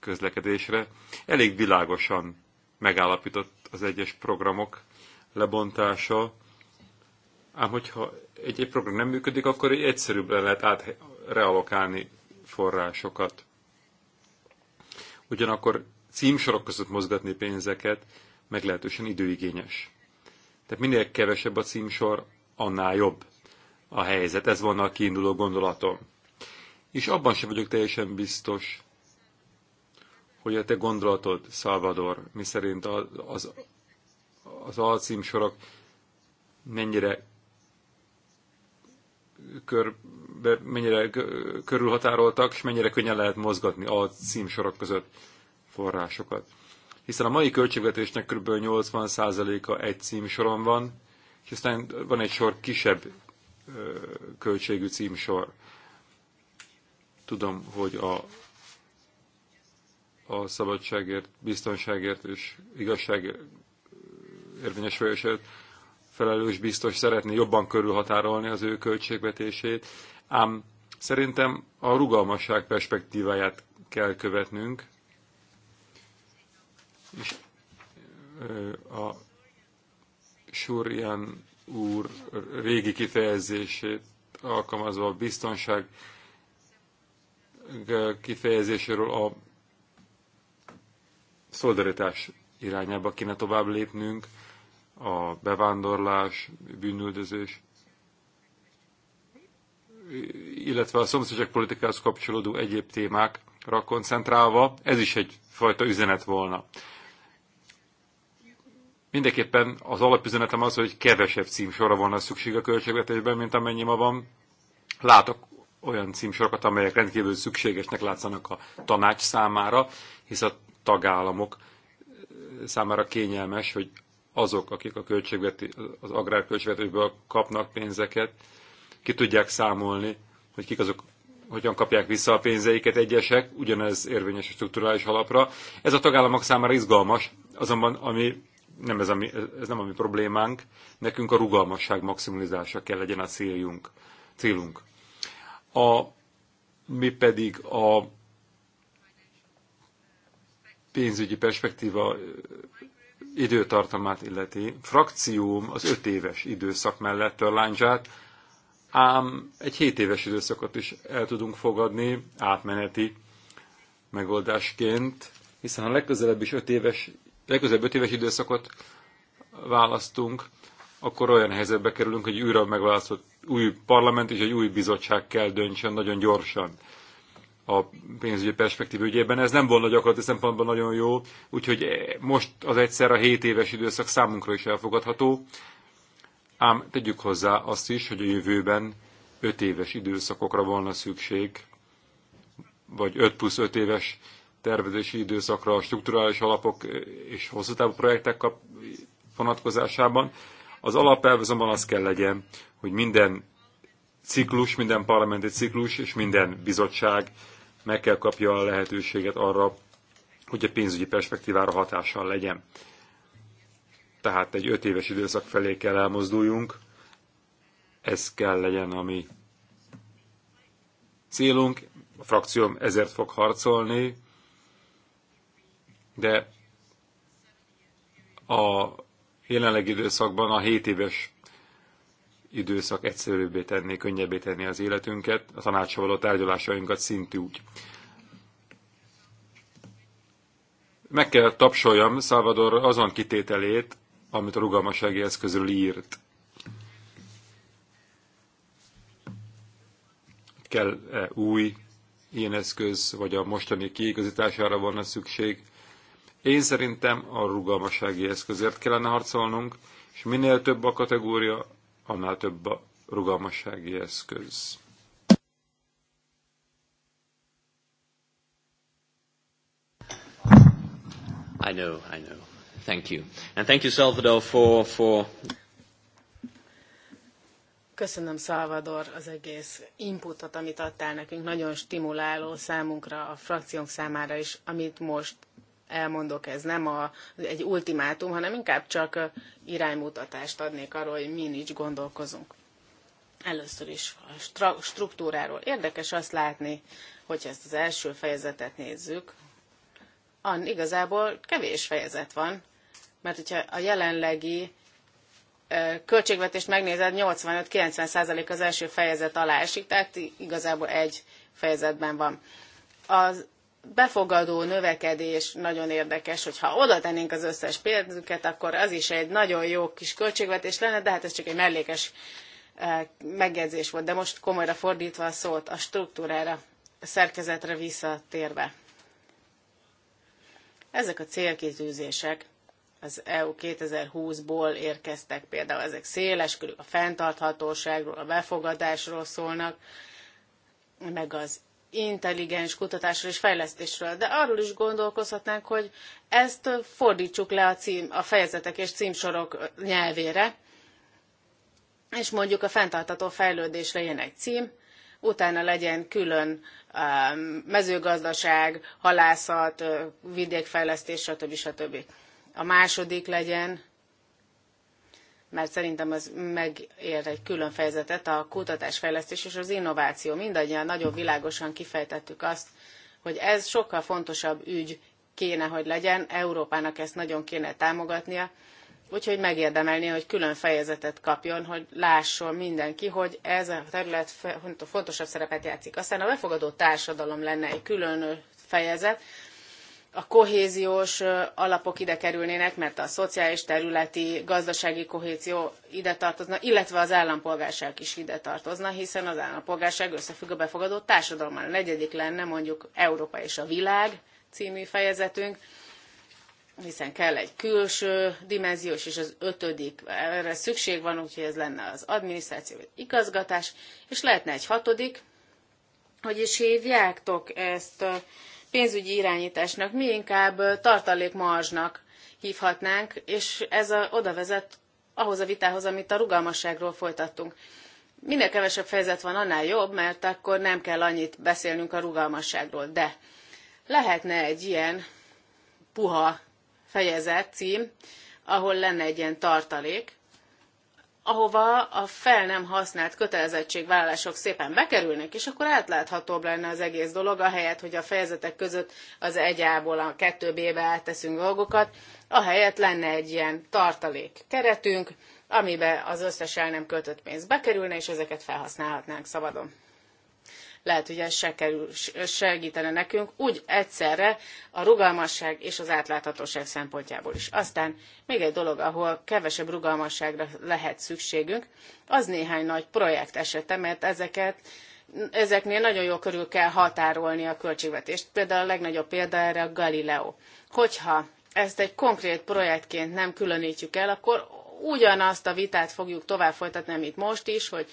közlekedésre. Elég világosan megállapított az egyes programok lebontása, ám hogyha egy, egy program nem működik, akkor egyszerűbb lehet át realokálni forrásokat ugyanakkor címsorok között mozgatni pénzeket meglehetősen időigényes. Tehát minél kevesebb a címsor, annál jobb a helyzet. Ez volna a kiinduló gondolatom. És abban sem vagyok teljesen biztos, hogy a te gondolatod, Salvador, miszerint az, az, az alcímsorok mennyire körbe mennyire körülhatároltak, és mennyire könnyen lehet mozgatni a címsorok között forrásokat. Hiszen a mai költségvetésnek kb. 80%-a egy címsoron van, és aztán van egy sor kisebb költségű címsor. Tudom, hogy a, a szabadságért, biztonságért és igazságért érvényes folyosért, felelős biztos szeretné jobban körülhatárolni az ő költségvetését, ám szerintem a rugalmasság perspektíváját kell követnünk, és a Surian úr régi kifejezését alkalmazva a biztonság kifejezéséről a szolidaritás irányába kéne tovább lépnünk, a bevándorlás, bűnüldözés, illetve a szomszédság politikához kapcsolódó egyéb témákra koncentrálva, ez is egyfajta üzenet volna. Mindenképpen az alapüzenetem az, hogy kevesebb címsorra volna szükség a költségvetésben, mint amennyi ma van. Látok olyan címsorokat, amelyek rendkívül szükségesnek látszanak a tanács számára, hisz a tagállamok számára kényelmes, hogy azok, akik a költségveti, az agrárköltségvetésből kapnak pénzeket, ki tudják számolni, hogy kik azok, hogyan kapják vissza a pénzeiket egyesek, ugyanez érvényes a strukturális alapra. Ez a tagállamok számára izgalmas, azonban ami nem ez, mi, ez nem a mi problémánk, nekünk a rugalmasság maximalizása kell legyen a céljunk, célunk. A, mi pedig a pénzügyi perspektíva időtartamát illeti, frakcióm az öt éves időszak mellett törláncsát, ám egy hét éves időszakot is el tudunk fogadni átmeneti megoldásként, hiszen ha legközelebb is öt éves, legközelebb öt éves időszakot választunk, akkor olyan helyzetbe kerülünk, hogy újra megválasztott új parlament és egy új bizottság kell döntsön nagyon gyorsan a pénzügyi perspektív ügyében. Ez nem volna gyakorlati szempontban nagyon jó, úgyhogy most az egyszer a 7 éves időszak számunkra is elfogadható, ám tegyük hozzá azt is, hogy a jövőben 5 éves időszakokra volna szükség, vagy 5 plusz 5 éves tervezési időszakra a strukturális alapok és hosszú távú projektek vonatkozásában. Az alapelv azonban az kell legyen, hogy minden ciklus, minden parlamenti ciklus és minden bizottság meg kell kapja a lehetőséget arra, hogy a pénzügyi perspektívára hatással legyen. Tehát egy öt éves időszak felé kell elmozduljunk, ez kell legyen a mi célunk, a frakcióm ezért fog harcolni, de a jelenlegi időszakban a 7 éves időszak egyszerűbbé tenni, könnyebbé tenni az életünket, a tanácsa való tárgyalásainkat úgy. Meg kell tapsoljam Salvador azon kitételét, amit a rugalmasági eszközről írt. kell -e új ilyen eszköz, vagy a mostani kiigazítására volna szükség. Én szerintem a rugalmasági eszközért kellene harcolnunk, és minél több a kategória, annál több a rugalmassági eszköz. I know, I know. Thank you. And thank you, Salvador, for, for... Köszönöm, Salvador, az egész inputot, amit adtál nekünk. Nagyon stimuláló számunkra, a frakciónk számára is, amit most elmondok, ez nem a, egy ultimátum, hanem inkább csak iránymutatást adnék arról, hogy mi is gondolkozunk. Először is a struktúráról. Érdekes azt látni, hogy ezt az első fejezetet nézzük, an igazából kevés fejezet van, mert hogyha a jelenlegi költségvetést megnézed, 85-90 százalék az első fejezet alá esik, tehát igazából egy fejezetben van. Az befogadó növekedés nagyon érdekes, hogy ha oda tennénk az összes pénzünket, akkor az is egy nagyon jó kis költségvetés lenne, de hát ez csak egy mellékes eh, megjegyzés volt. De most komolyra fordítva a szót, a struktúrára, a szerkezetre visszatérve. Ezek a célkitűzések az EU 2020-ból érkeztek, például ezek széles körül a fenntarthatóságról, a befogadásról szólnak, meg az intelligens kutatásról és fejlesztésről, de arról is gondolkozhatnánk, hogy ezt fordítsuk le a, cím, a fejezetek és címsorok nyelvére, és mondjuk a fenntartató fejlődés legyen egy cím, utána legyen külön um, mezőgazdaság, halászat, vidékfejlesztés, stb. stb. A második legyen mert szerintem az megér egy külön fejezetet, a kutatásfejlesztés és az innováció. Mindannyian nagyon világosan kifejtettük azt, hogy ez sokkal fontosabb ügy kéne, hogy legyen, Európának ezt nagyon kéne támogatnia, úgyhogy megérdemelné, hogy külön fejezetet kapjon, hogy lásson mindenki, hogy ez a terület fontosabb szerepet játszik. Aztán a befogadó társadalom lenne egy külön fejezet, a kohéziós alapok ide kerülnének, mert a szociális területi gazdasági kohézió ide tartozna, illetve az állampolgárság is ide tartozna, hiszen az állampolgárság összefügg a befogadó társadalommal. A negyedik lenne mondjuk Európa és a világ című fejezetünk, hiszen kell egy külső dimenziós, és az ötödik, erre szükség van, úgyhogy ez lenne az adminisztráció, vagy igazgatás, és lehetne egy hatodik, hogy is hívjátok ezt pénzügyi irányításnak, mi inkább tartalékmarzsnak hívhatnánk, és ez a, oda vezet ahhoz a vitához, amit a rugalmasságról folytattunk. Minél kevesebb fejezet van, annál jobb, mert akkor nem kell annyit beszélnünk a rugalmasságról. De lehetne egy ilyen puha fejezet, cím, ahol lenne egy ilyen tartalék, ahova a fel nem használt kötelezettségvállalások szépen bekerülnek, és akkor átláthatóbb lenne az egész dolog, ahelyett, hogy a fejezetek között az egyából a 2B-be átteszünk dolgokat, ahelyett lenne egy ilyen tartalék keretünk, amibe az összes el nem költött pénz bekerülne, és ezeket felhasználhatnánk szabadon. Lehet, hogy ez se kerül, segítene nekünk úgy egyszerre a rugalmasság és az átláthatóság szempontjából is. Aztán még egy dolog, ahol kevesebb rugalmasságra lehet szükségünk, az néhány nagy projekt esete, mert ezeket ezeknél nagyon jól körül kell határolni a költségvetést. Például a legnagyobb példa erre a Galileo. Hogyha ezt egy konkrét projektként nem különítjük el, akkor ugyanazt a vitát fogjuk tovább folytatni, amit most is, hogy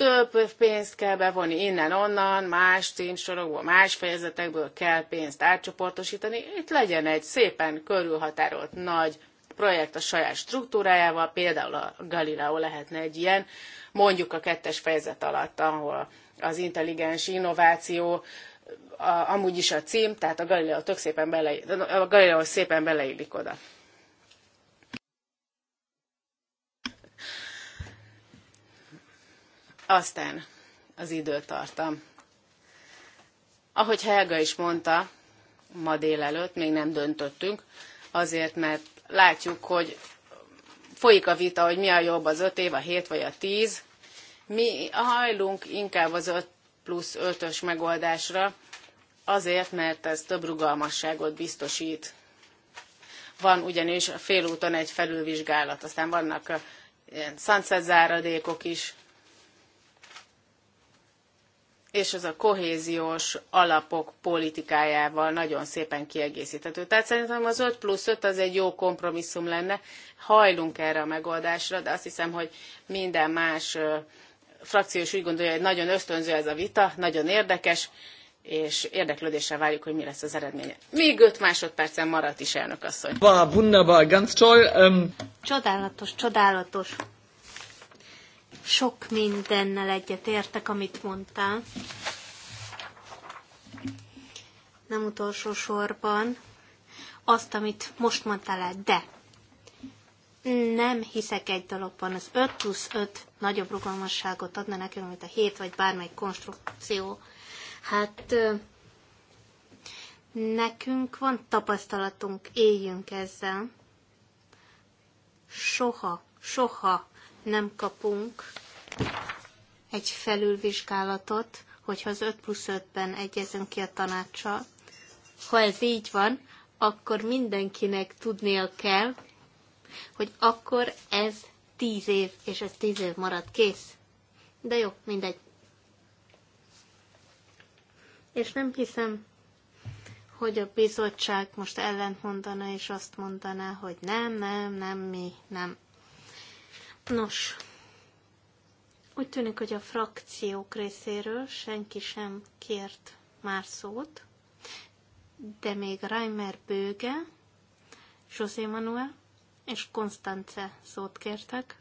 több pénzt kell bevonni innen, onnan, más címsorokból, más fejezetekből kell pénzt átcsoportosítani. Itt legyen egy szépen körülhatárolt nagy projekt a saját struktúrájával, például a Galileo lehetne egy ilyen, mondjuk a kettes fejezet alatt, ahol az intelligens innováció, a, amúgy is a cím, tehát a Galileo tök szépen bele, a Galileo szépen beleillik oda. Aztán az időtartam. Ahogy Helga is mondta, ma délelőtt még nem döntöttünk, azért, mert látjuk, hogy folyik a vita, hogy mi a jobb az öt év, a hét vagy a tíz. Mi a hajlunk inkább az öt plusz ötös megoldásra, azért, mert ez több rugalmasságot biztosít. Van ugyanis félúton egy felülvizsgálat, aztán vannak ilyen sunset záradékok is, és ez a kohéziós alapok politikájával nagyon szépen kiegészíthető. Tehát szerintem az 5 plusz 5 az egy jó kompromisszum lenne, hajlunk erre a megoldásra, de azt hiszem, hogy minden más frakció is úgy gondolja, hogy nagyon ösztönző ez a vita, nagyon érdekes, és érdeklődéssel várjuk, hogy mi lesz az eredménye. Még 5 másodpercen maradt is elnök asszony. Wunderbar, ganz toll. Csodálatos, csodálatos. Sok mindennel egyet értek, amit mondtál. Nem utolsó sorban azt, amit most mondtál el, de nem hiszek egy dologban. Az 5 plusz 5 nagyobb rugalmasságot adna nekünk, mint a 7 vagy bármely konstrukció. Hát nekünk van tapasztalatunk, éljünk ezzel. Soha, soha nem kapunk egy felülvizsgálatot, hogyha az 5 plusz 5-ben egyezünk ki a tanácssal. Ha ez így van, akkor mindenkinek tudnia kell, hogy akkor ez 10 év, és ez 10 év marad kész. De jó, mindegy. És nem hiszem, hogy a bizottság most ellent mondana, és azt mondaná, hogy nem, nem, nem, mi, nem, Nos, úgy tűnik, hogy a frakciók részéről senki sem kért már szót, de még Reimer Bőge, José Manuel és Konstance szót kértek.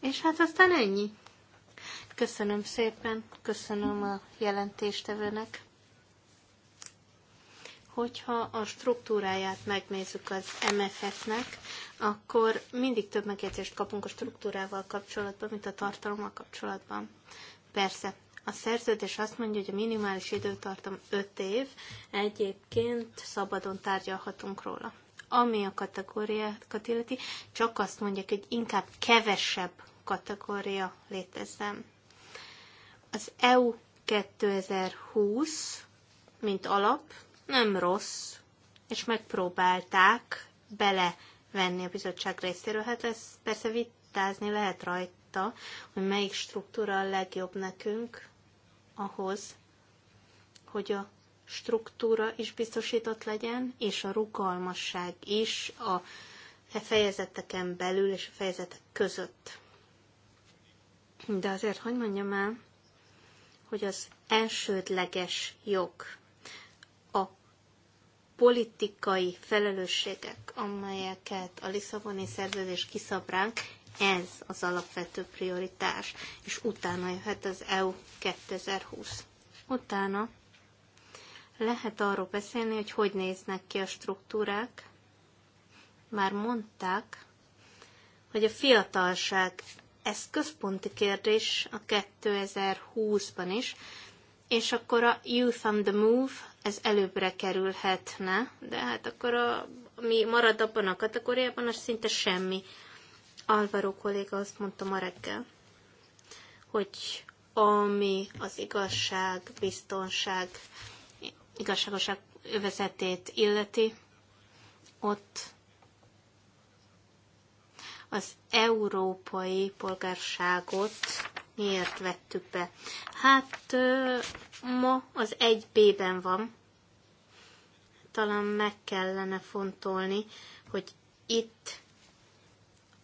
És hát aztán ennyi. Köszönöm szépen, köszönöm a jelentéstevőnek hogyha a struktúráját megnézzük az MFF-nek, akkor mindig több megjegyzést kapunk a struktúrával kapcsolatban, mint a tartalommal kapcsolatban. Persze, a szerződés azt mondja, hogy a minimális időtartam 5 év, egyébként szabadon tárgyalhatunk róla. Ami a kategóriákat illeti, csak azt mondják, hogy inkább kevesebb kategória létezzen. Az EU 2020, mint alap, nem rossz, és megpróbálták belevenni a bizottság részéről. Hát ez persze vitázni lehet rajta, hogy melyik struktúra a legjobb nekünk ahhoz, hogy a struktúra is biztosított legyen, és a rugalmasság is a fejezeteken belül és a fejezetek között. De azért, hogy mondjam el, hogy az elsődleges jog politikai felelősségek, amelyeket a Lisszaboni szerződés kiszab ránk, ez az alapvető prioritás, és utána jöhet az EU 2020. Utána lehet arról beszélni, hogy hogy néznek ki a struktúrák. Már mondták, hogy a fiatalság, ez központi kérdés a 2020-ban is, és akkor a Youth on the Move ez előbbre kerülhetne, de hát akkor a, mi marad abban a kategóriában, az szinte semmi. Alvaro kolléga azt mondta ma reggel, hogy ami az igazság, biztonság, igazságoság övezetét illeti, ott az európai polgárságot miért vettük be? Hát ma az 1B-ben van. Talán meg kellene fontolni, hogy itt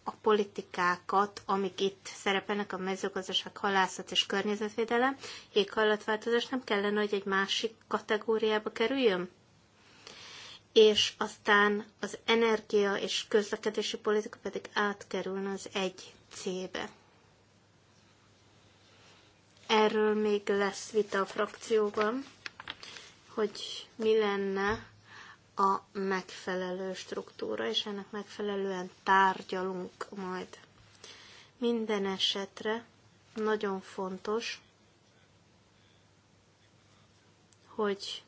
a politikákat, amik itt szerepelnek, a mezőgazdaság, halászat és környezetvédelem, éghajlatváltozás nem kellene, hogy egy másik kategóriába kerüljön? És aztán az energia és közlekedési politika pedig átkerülne az egy C-be. Erről még lesz vita a frakcióban, hogy mi lenne a megfelelő struktúra, és ennek megfelelően tárgyalunk majd. Minden esetre nagyon fontos, hogy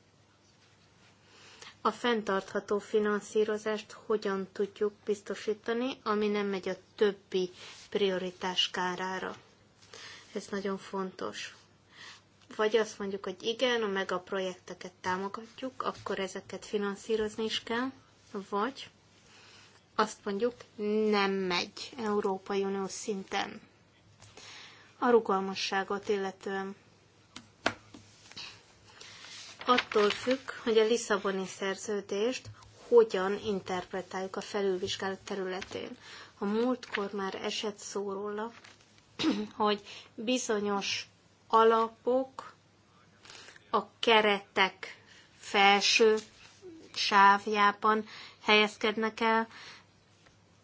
a fenntartható finanszírozást hogyan tudjuk biztosítani, ami nem megy a többi prioritás kárára ez nagyon fontos. Vagy azt mondjuk, hogy igen, a mega projekteket támogatjuk, akkor ezeket finanszírozni is kell, vagy azt mondjuk, nem megy Európai Unió szinten. A rugalmasságot illetően attól függ, hogy a Lisszaboni szerződést hogyan interpretáljuk a felülvizsgálat területén. A múltkor már esett szó róla, [clears throat] hogy bizonyos alapok a keretek felső sávjában helyezkednek el.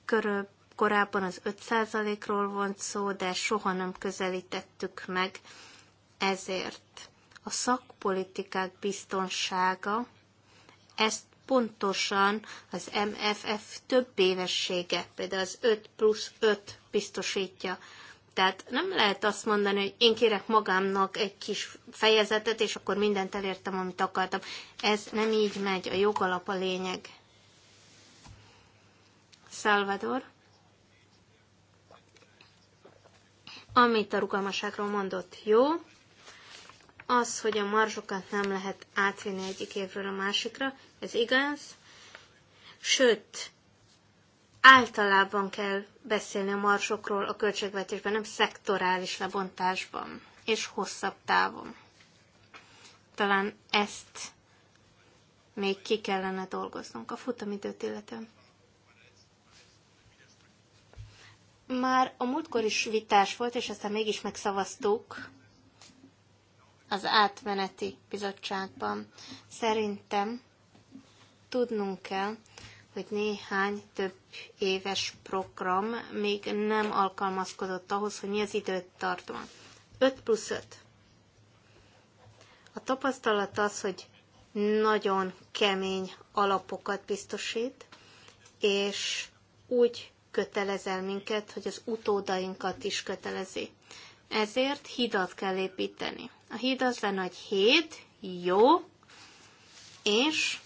Körül korábban az 5%-ról volt szó, de soha nem közelítettük meg. Ezért a szakpolitikák biztonsága ezt pontosan az MFF több évessége, például az 5 plusz 5 biztosítja. Tehát nem lehet azt mondani, hogy én kérek magámnak egy kis fejezetet, és akkor mindent elértem, amit akartam. Ez nem így megy, a jogalap a lényeg. Salvador, amit a rugalmaságról mondott, jó. Az, hogy a marzsokat nem lehet átvinni egyik évről a másikra, ez igaz. Sőt, általában kell beszélni a marsokról a költségvetésben, nem szektorális lebontásban és hosszabb távon. Talán ezt még ki kellene dolgoznunk a futamidőt illetően. Már a múltkor is vitás volt, és aztán mégis megszavaztuk az átmeneti bizottságban. Szerintem tudnunk kell, hogy néhány több éves program még nem alkalmazkodott ahhoz, hogy mi az időt tartva. 5 plusz 5. A tapasztalat az, hogy nagyon kemény alapokat biztosít, és úgy kötelezel minket, hogy az utódainkat is kötelezi. Ezért hidat kell építeni. A híd az lenne, hogy hét, jó, és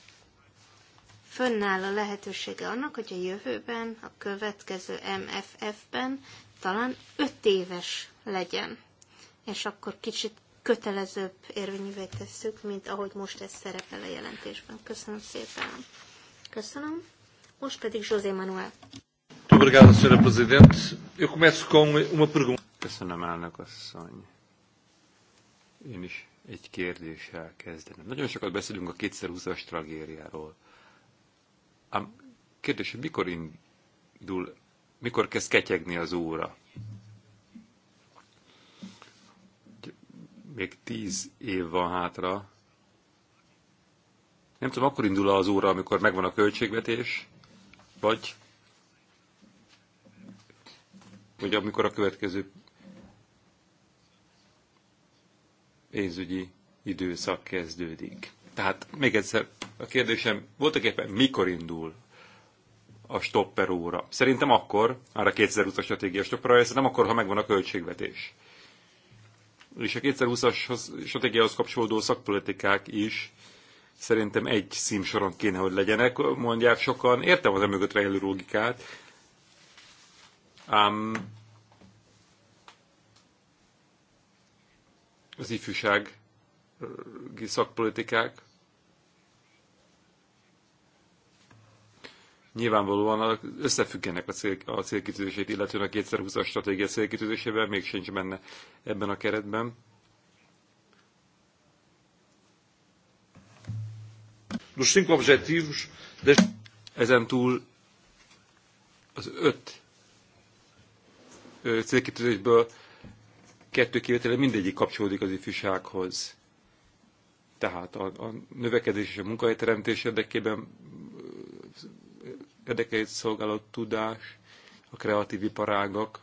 fönnáll a lehetősége annak, hogy a jövőben, a következő MFF-ben talán öt éves legyen, és akkor kicsit kötelezőbb érvényűvé tesszük, mint ahogy most ez szerepel a jelentésben. Köszönöm szépen. Köszönöm. Most pedig José Manuel. Obrigado, Presidente. Eu começo com uma pergunta. Köszönöm, elnök asszony. Én is egy kérdéssel kezdenem. Nagyon sokat beszélünk a 2020-as tragériáról. Ám kérdés, hogy mikor indul, mikor kezd ketyegni az óra? Még tíz év van hátra. Nem tudom, akkor indul az óra, amikor megvan a költségvetés, vagy vagy amikor a következő pénzügyi időszak kezdődik. Tehát még egyszer a kérdésem, voltak éppen mikor indul a stopper óra? Szerintem akkor, arra 2020-as stratégia stopper óra, nem akkor, ha megvan a költségvetés. És a 2020-as stratégiához kapcsolódó szakpolitikák is szerintem egy szímsoron kéne, hogy legyenek, mondják sokan. Értem az emögött rejlő logikát, ám az ifjúság szakpolitikák nyilvánvalóan összefüggenek a, cél, a célkitűzését, illetően a 2020-as stratégia célkitűzésével még sincs benne ebben a keretben. de... Ezen túl az öt célkitűzésből kettő kivétele mindegyik kapcsolódik az ifjúsághoz. Tehát a, a növekedés és a munkahelyteremtés érdekében érdekeit szolgáló tudás, a kreatív iparágak.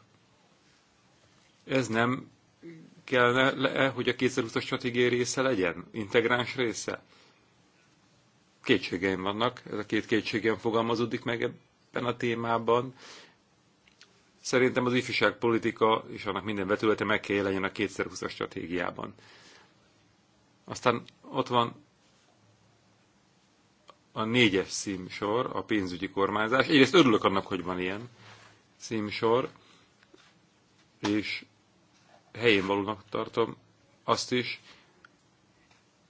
Ez nem kellene, le, hogy a 2020-as stratégiai része legyen? Integráns része? Kétségeim vannak, ez a két kétségem fogalmazódik meg ebben a témában. Szerintem az ifjúságpolitika és annak minden vetülete meg kell legyen a 2020-as stratégiában. Aztán ott van a négyes címsor, a pénzügyi kormányzás. Egyrészt örülök annak, hogy van ilyen címsor, és helyén valónak tartom azt is,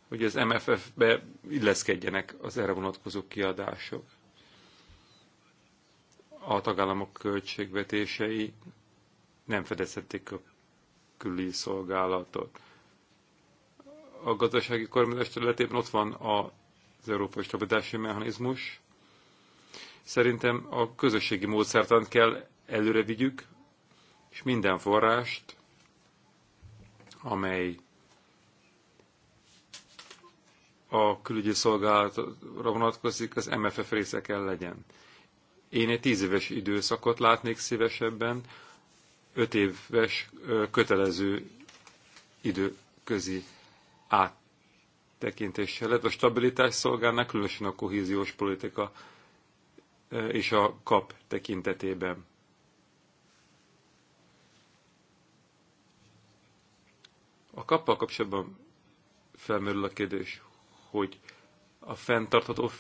hogy az MFF-be illeszkedjenek az erre vonatkozó kiadások. A tagállamok költségvetései nem fedezhették a külügyi szolgálatot. A gazdasági kormányzás területében ott van a az Európai Stabilitási Mechanizmus. Szerintem a közösségi módszertant kell előre vigyük, és minden forrást, amely a külügyi szolgálatra vonatkozik, az MFF része kell legyen. Én egy tíz éves időszakot látnék szívesebben, öt éves kötelező időközi át tekintéssel, Lehet a stabilitás szolgálnak, különösen a kohéziós politika e, és a kap tekintetében. A kappal kapcsolatban felmerül a kérdés, hogy a fenntartható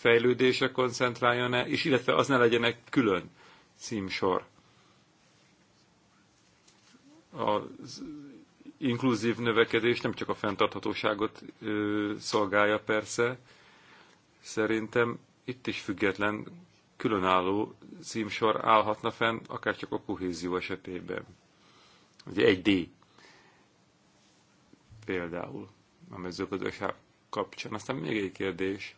fejlődése koncentráljon-e, és illetve az ne legyenek külön címsor. Az inkluzív növekedés nem csak a fenntarthatóságot ö, szolgálja persze, szerintem itt is független, különálló címsor állhatna fenn, akár csak a kohézió esetében. Ugye egy D például a mezőgazdaság kapcsán. Aztán még egy kérdés.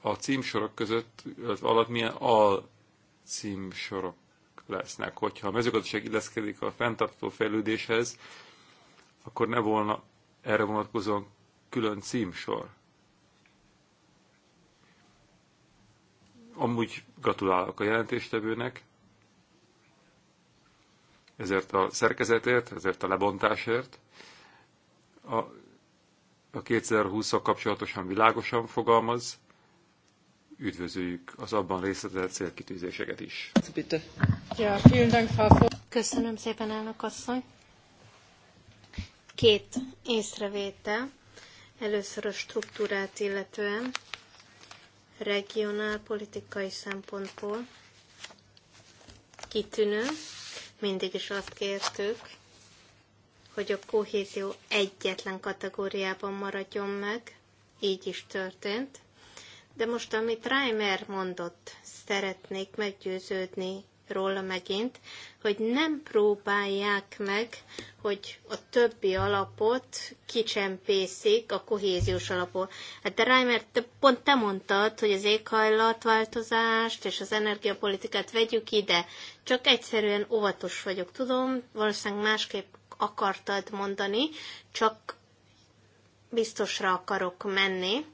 A címsorok között, alatt milyen al címsorok lesznek. Hogyha a mezőgazdaság illeszkedik a fenntartó fejlődéshez, akkor ne volna erre vonatkozóan külön címsor. Amúgy gratulálok a jelentéstevőnek, ezért a szerkezetért, ezért a lebontásért. A, a 2020-szal kapcsolatosan világosan fogalmaz, üdvözöljük az abban részletelt célkitűzéseket is. Köszönöm szépen, elnök asszony. Két észrevétel. Először a struktúrát illetően, regionálpolitikai szempontból kitűnő. Mindig is azt kértük, hogy a kohézió egyetlen kategóriában maradjon meg, így is történt. De most, amit Reimer mondott, szeretnék meggyőződni róla megint, hogy nem próbálják meg, hogy a többi alapot kicsempészik a kohéziós alapból. Hát de Reimer, te pont te mondtad, hogy az éghajlatváltozást és az energiapolitikát vegyük ide. Csak egyszerűen óvatos vagyok, tudom, valószínűleg másképp akartad mondani, csak biztosra akarok menni,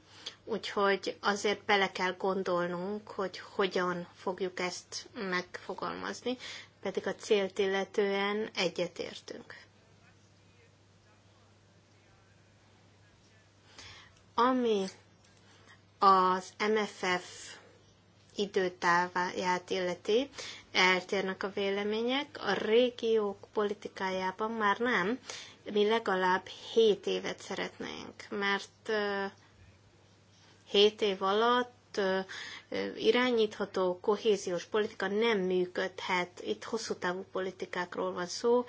Úgyhogy azért bele kell gondolnunk, hogy hogyan fogjuk ezt megfogalmazni, pedig a célt illetően egyetértünk. Ami az MFF időtávját illeti, eltérnek a vélemények. A régiók politikájában már nem, mi legalább 7 évet szeretnénk, mert 7 év alatt irányítható kohéziós politika nem működhet. Itt hosszú távú politikákról van szó.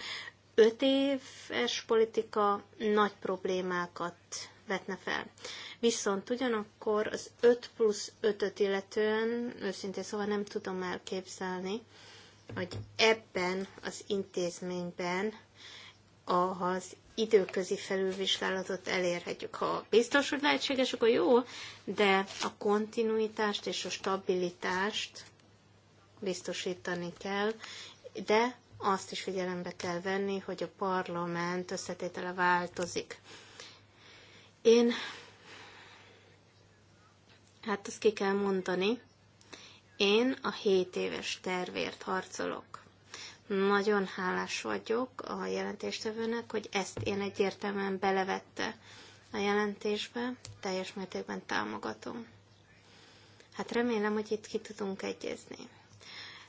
5 éves politika nagy problémákat vetne fel. Viszont ugyanakkor az 5 plusz 5-öt illetően, őszintén szóval nem tudom elképzelni, hogy ebben az intézményben az időközi felülvizsgálatot elérhetjük. Ha biztos, hogy lehetséges, akkor jó, de a kontinuitást és a stabilitást biztosítani kell, de azt is figyelembe kell venni, hogy a parlament összetétele változik. Én, hát azt ki kell mondani, én a 7 éves tervért harcolok. Nagyon hálás vagyok a jelentéstevőnek, hogy ezt én egyértelműen belevette a jelentésbe, teljes mértékben támogatom. Hát remélem, hogy itt ki tudunk egyezni.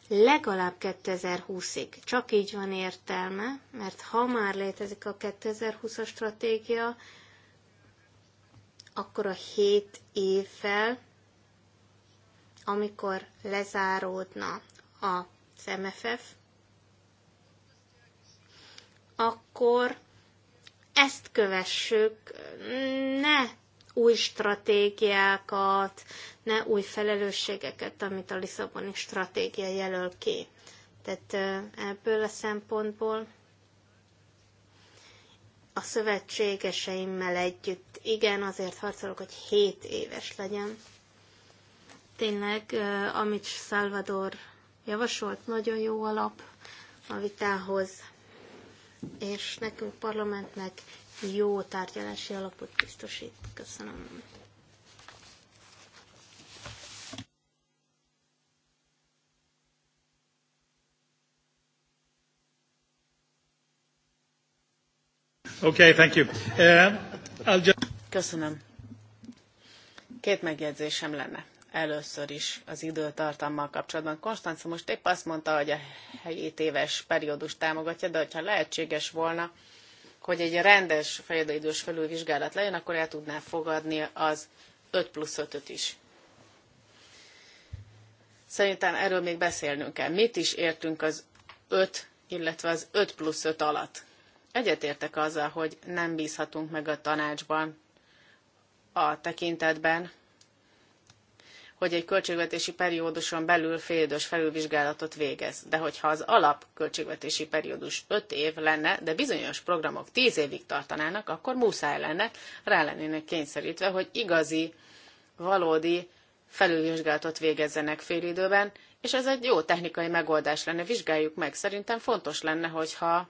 Legalább 2020-ig. Csak így van értelme, mert ha már létezik a 2020-as stratégia, akkor a 7 évvel, amikor lezáródna a MFF, akkor ezt kövessük, ne új stratégiákat, ne új felelősségeket, amit a Lisszaboni stratégia jelöl ki. Tehát ebből a szempontból a szövetségeseimmel együtt, igen, azért harcolok, hogy 7 éves legyen. Tényleg, amit Salvador javasolt, nagyon jó alap a vitához és nekünk parlamentnek jó tárgyalási alapot biztosít. Köszönöm. Okay, thank you. Uh, I'll just... Köszönöm. Két megjegyzésem lenne először is az időtartammal kapcsolatban. Konstanca most épp azt mondta, hogy a 7 éves periódus támogatja, de hogyha lehetséges volna, hogy egy rendes félidős felülvizsgálat legyen, akkor el tudná fogadni az 5 plusz 5-öt is. Szerintem erről még beszélnünk kell. Mit is értünk az 5, illetve az 5 plusz 5 alatt? Egyetértek azzal, hogy nem bízhatunk meg a tanácsban a tekintetben, hogy egy költségvetési perióduson belül félidős felülvizsgálatot végez. De hogyha az alap költségvetési periódus 5 év lenne, de bizonyos programok 10 évig tartanának, akkor muszáj lenne, rá lennének kényszerítve, hogy igazi, valódi felülvizsgálatot végezzenek félidőben, és ez egy jó technikai megoldás lenne, vizsgáljuk meg. Szerintem fontos lenne, hogyha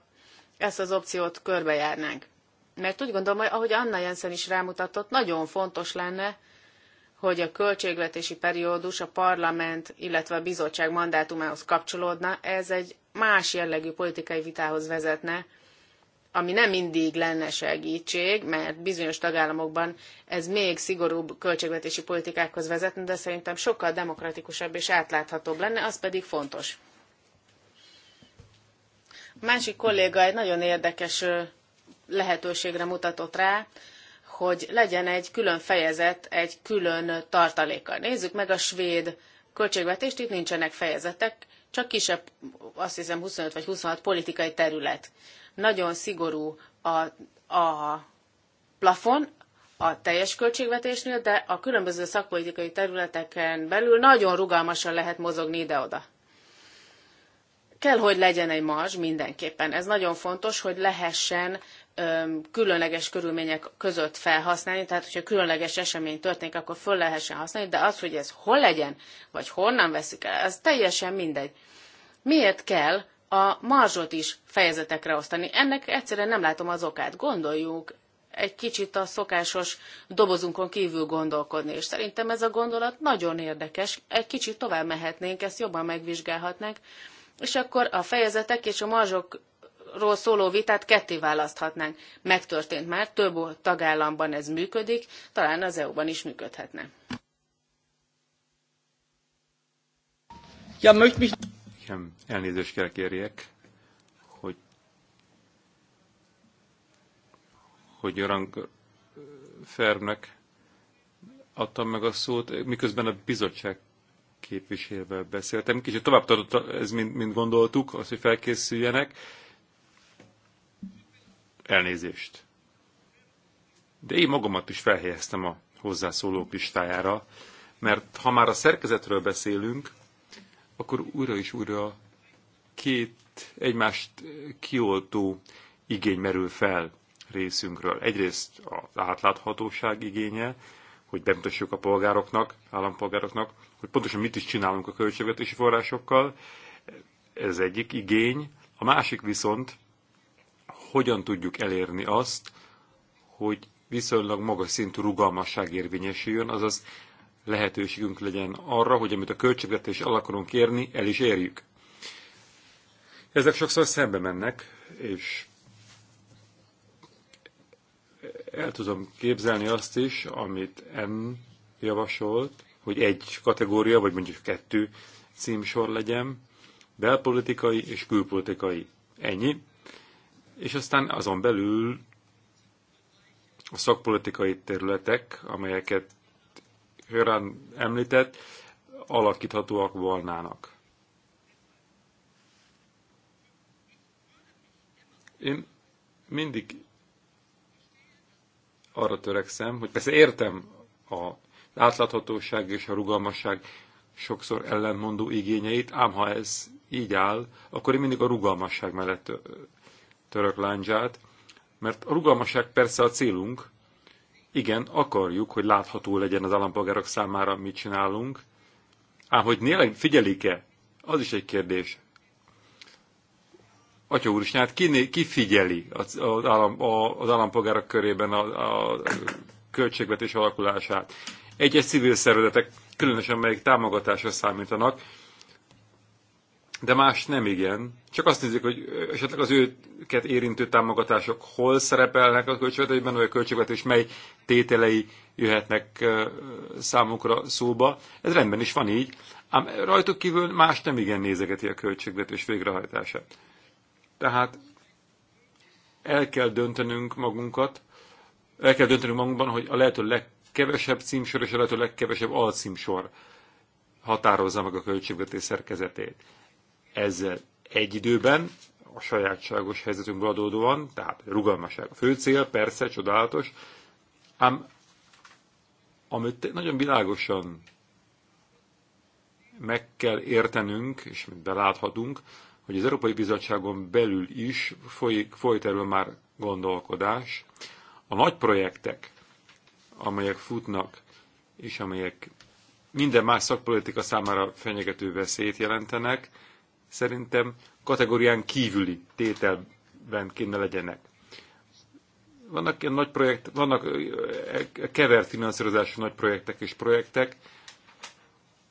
ezt az opciót körbejárnánk. Mert úgy gondolom, hogy ahogy Anna Jensen is rámutatott, nagyon fontos lenne, hogy a költségvetési periódus a parlament, illetve a bizottság mandátumához kapcsolódna, ez egy más jellegű politikai vitához vezetne, ami nem mindig lenne segítség, mert bizonyos tagállamokban ez még szigorúbb költségvetési politikákhoz vezetne, de szerintem sokkal demokratikusabb és átláthatóbb lenne, az pedig fontos. A másik kolléga egy nagyon érdekes lehetőségre mutatott rá, hogy legyen egy külön fejezet, egy külön tartaléka. Nézzük meg a svéd költségvetést, itt nincsenek fejezetek, csak kisebb, azt hiszem 25 vagy 26 politikai terület. Nagyon szigorú a, a plafon a teljes költségvetésnél, de a különböző szakpolitikai területeken belül nagyon rugalmasan lehet mozogni ide-oda. Kell, hogy legyen egy marzs mindenképpen. Ez nagyon fontos, hogy lehessen különleges körülmények között felhasználni, tehát hogyha különleges esemény történik, akkor föl lehessen használni, de az, hogy ez hol legyen, vagy honnan veszik el, ez teljesen mindegy. Miért kell a marzsot is fejezetekre osztani? Ennek egyszerűen nem látom az okát. Gondoljuk egy kicsit a szokásos dobozunkon kívül gondolkodni, és szerintem ez a gondolat nagyon érdekes, egy kicsit tovább mehetnénk, ezt jobban megvizsgálhatnánk, és akkor a fejezetek és a marzsok ról szóló vitát ketté választhatnánk. Megtörtént már, több tagállamban ez működik, talán az EU-ban is működhetne. Ja, mögt Igen, elnézést kell kérjek, hogy, hogy rang Fermnek adtam meg a szót, miközben a bizottság képviselővel beszéltem. Kicsit tovább tartott ez, mint, mint gondoltuk, az, hogy felkészüljenek Elnézést. De én magamat is felhelyeztem a hozzászólók listájára, mert ha már a szerkezetről beszélünk, akkor újra és újra két egymást kioltó igény merül fel részünkről. Egyrészt az átláthatóság igénye, hogy bemutassuk a polgároknak, állampolgároknak, hogy pontosan mit is csinálunk a költségvetési forrásokkal. Ez egyik igény. A másik viszont hogyan tudjuk elérni azt, hogy viszonylag magas szintű rugalmasság érvényesüljön, azaz lehetőségünk legyen arra, hogy amit a költségvetés el akarunk kérni, el is érjük. Ezek sokszor szembe mennek, és el tudom képzelni azt is, amit M javasolt, hogy egy kategória, vagy mondjuk kettő címsor legyen, belpolitikai és külpolitikai. Ennyi és aztán azon belül a szakpolitikai területek, amelyeket Hörán említett, alakíthatóak volnának. Én mindig arra törekszem, hogy persze értem a átláthatóság és a rugalmasság sokszor ellenmondó igényeit, ám ha ez így áll, akkor én mindig a rugalmasság mellett török lándzsát, mert a rugalmaság persze a célunk, igen, akarjuk, hogy látható legyen az állampolgárok számára, mit csinálunk, ám hogy néleg figyelik-e, az is egy kérdés. Atya úr is, hát ki, ki figyeli az, az, állam, az állampolgárok körében a, a költségvetés alakulását? Egyes -egy civil szervezetek, különösen melyik támogatásra számítanak, de más nem igen. Csak azt nézzük, hogy esetleg az őket érintő támogatások hol szerepelnek a költségvetésben, vagy a költségvetés mely tételei jöhetnek számukra szóba. Ez rendben is van így, ám rajtuk kívül más nem igen nézegeti a költségvetés végrehajtását. Tehát el kell döntenünk magunkat, el kell döntenünk magunkban, hogy a lehető legkevesebb címsor és a lehető legkevesebb alcímsor határozza meg a költségvetés szerkezetét ezzel egy időben, a sajátságos helyzetünkből adódóan, tehát rugalmaság a fő cél, persze, csodálatos, ám amit nagyon világosan meg kell értenünk, és beláthatunk, hogy az Európai Bizottságon belül is folyik, folyt erről már gondolkodás. A nagy projektek, amelyek futnak, és amelyek minden más szakpolitika számára fenyegető veszélyt jelentenek, szerintem kategórián kívüli tételben kéne legyenek. Vannak ilyen nagy projekt, vannak eh, kevert finanszírozású nagy projektek és projektek,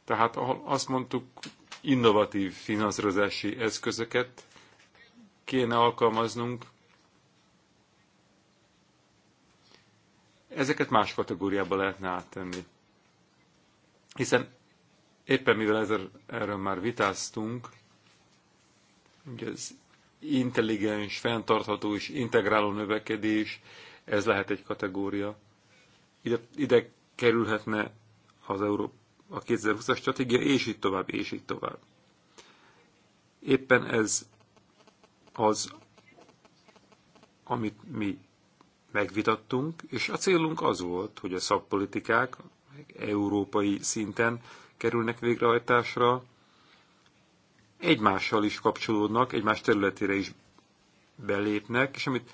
tehát ahol azt mondtuk, innovatív finanszírozási eszközöket kéne alkalmaznunk. Ezeket más kategóriába lehetne áttenni. Hiszen éppen mivel ezzel, erről már vitáztunk, ugye az intelligens, fenntartható és integráló növekedés, ez lehet egy kategória. Ide, ide kerülhetne az Európa a 2020-as stratégia, és így tovább, és így tovább. Éppen ez az, amit mi megvitattunk, és a célunk az volt, hogy a szakpolitikák európai szinten kerülnek végrehajtásra, egymással is kapcsolódnak, egymás területére is belépnek, és amit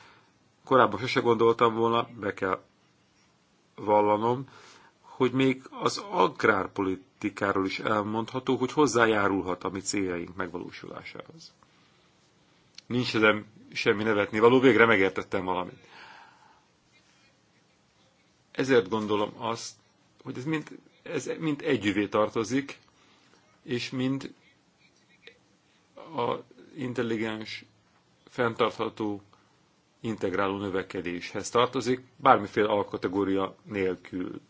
korábban sose gondoltam volna, be kell vallanom, hogy még az agrárpolitikáról is elmondható, hogy hozzájárulhat a mi céljaink megvalósulásához. Nincs ezen semmi nevetni való, végre megértettem valamit. Ezért gondolom azt, hogy ez mind, ez mind együvé tartozik, és mind a intelligens, fenntartható, integráló növekedéshez tartozik, bármiféle alkategória nélkül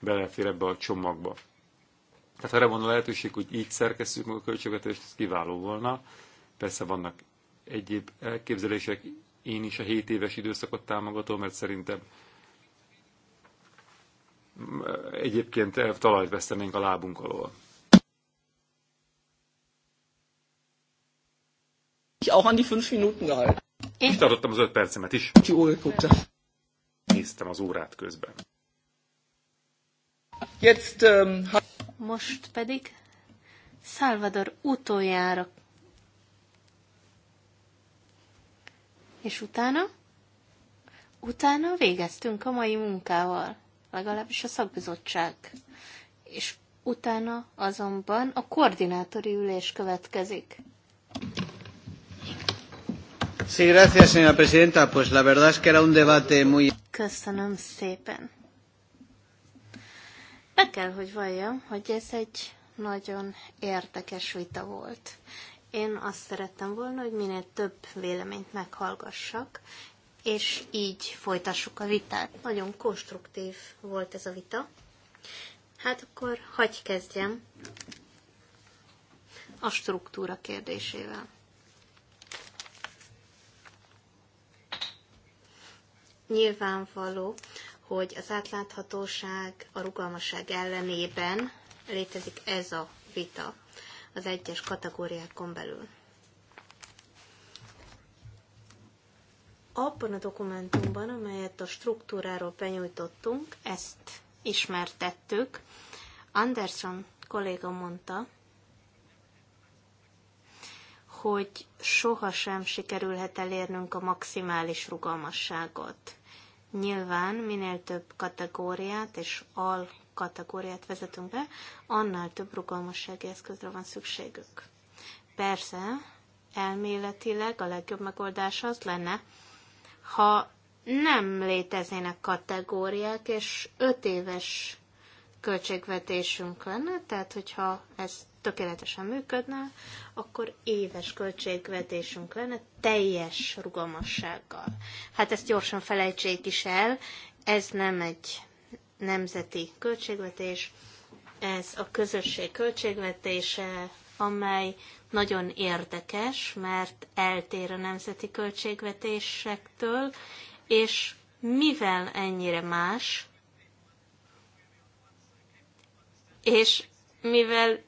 belefér ebbe a csomagba. Tehát erre van a lehetőség, hogy így szerkesztjük meg a költségvetést, ez kiváló volna. Persze vannak egyéb elképzelések, én is a 7 éves időszakot támogatom, mert szerintem mm, egyébként talajt vesztenénk a lábunk alól. mich auch an die fünf Minuten gehalten. Én tartottam az öt percemet is. Ki olykutta. Néztem az órát közben. Jetzt, um, ha... Most pedig Salvador utoljára. És utána? Utána végeztünk a mai munkával, legalábbis a szakbizottság. És utána azonban a koordinátori ülés következik. Sí, gracias, señora presidenta. Pues la verdad es que era un debate muy... Köszönöm szépen. Be kell, hogy valljam, hogy ez egy nagyon érdekes vita volt. Én azt szerettem volna, hogy minél több véleményt meghallgassak, és így folytassuk a vitát. Nagyon konstruktív volt ez a vita. Hát akkor hagyj kezdjem a struktúra kérdésével. Nyilvánvaló, hogy az átláthatóság a rugalmasság ellenében létezik ez a vita az egyes kategóriákon belül. Abban a dokumentumban, amelyet a struktúráról benyújtottunk, ezt ismertettük, Anderson kolléga mondta, hogy sohasem sikerülhet elérnünk a maximális rugalmasságot. Nyilván minél több kategóriát és al kategóriát vezetünk be, annál több rugalmassági eszközre van szükségük. Persze, elméletileg a legjobb megoldás az lenne, ha nem léteznének kategóriák, és öt éves költségvetésünk lenne, tehát hogyha ez tökéletesen működne, akkor éves költségvetésünk lenne teljes rugalmassággal. Hát ezt gyorsan felejtsék is el, ez nem egy nemzeti költségvetés, ez a közösség költségvetése, amely nagyon érdekes, mert eltér a nemzeti költségvetésektől, és mivel ennyire más, és mivel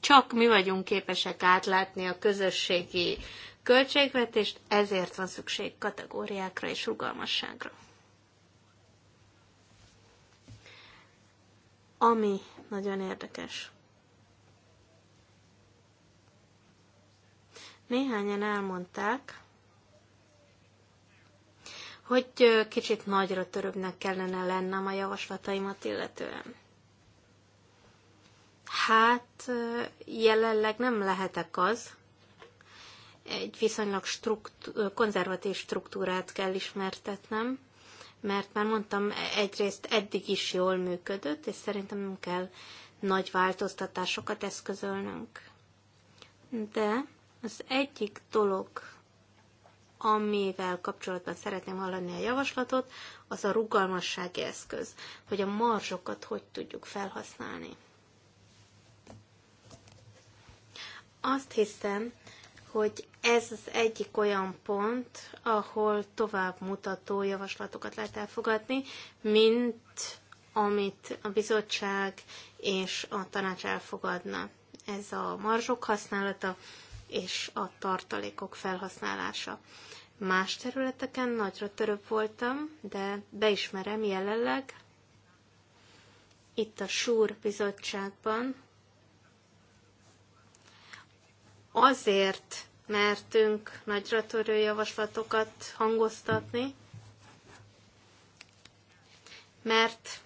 csak mi vagyunk képesek átlátni a közösségi költségvetést, ezért van szükség kategóriákra és rugalmasságra. Ami nagyon érdekes. Néhányan elmondták, hogy kicsit nagyra törőbbnek kellene lennem a javaslataimat illetően. Hát jelenleg nem lehetek az. Egy viszonylag struktúr, konzervatív struktúrát kell ismertetnem, mert már mondtam, egyrészt eddig is jól működött, és szerintem nem kell nagy változtatásokat eszközölnünk. De az egyik dolog, amivel kapcsolatban szeretném hallani a javaslatot, az a rugalmassági eszköz, hogy a marzsokat hogy tudjuk felhasználni. Azt hiszem, hogy ez az egyik olyan pont, ahol tovább mutató javaslatokat lehet elfogadni, mint amit a bizottság és a tanács elfogadna. Ez a marzsok használata és a tartalékok felhasználása. Más területeken nagyra törőbb voltam, de beismerem jelenleg itt a SUR bizottságban azért mertünk nagyra törő javaslatokat hangoztatni, mert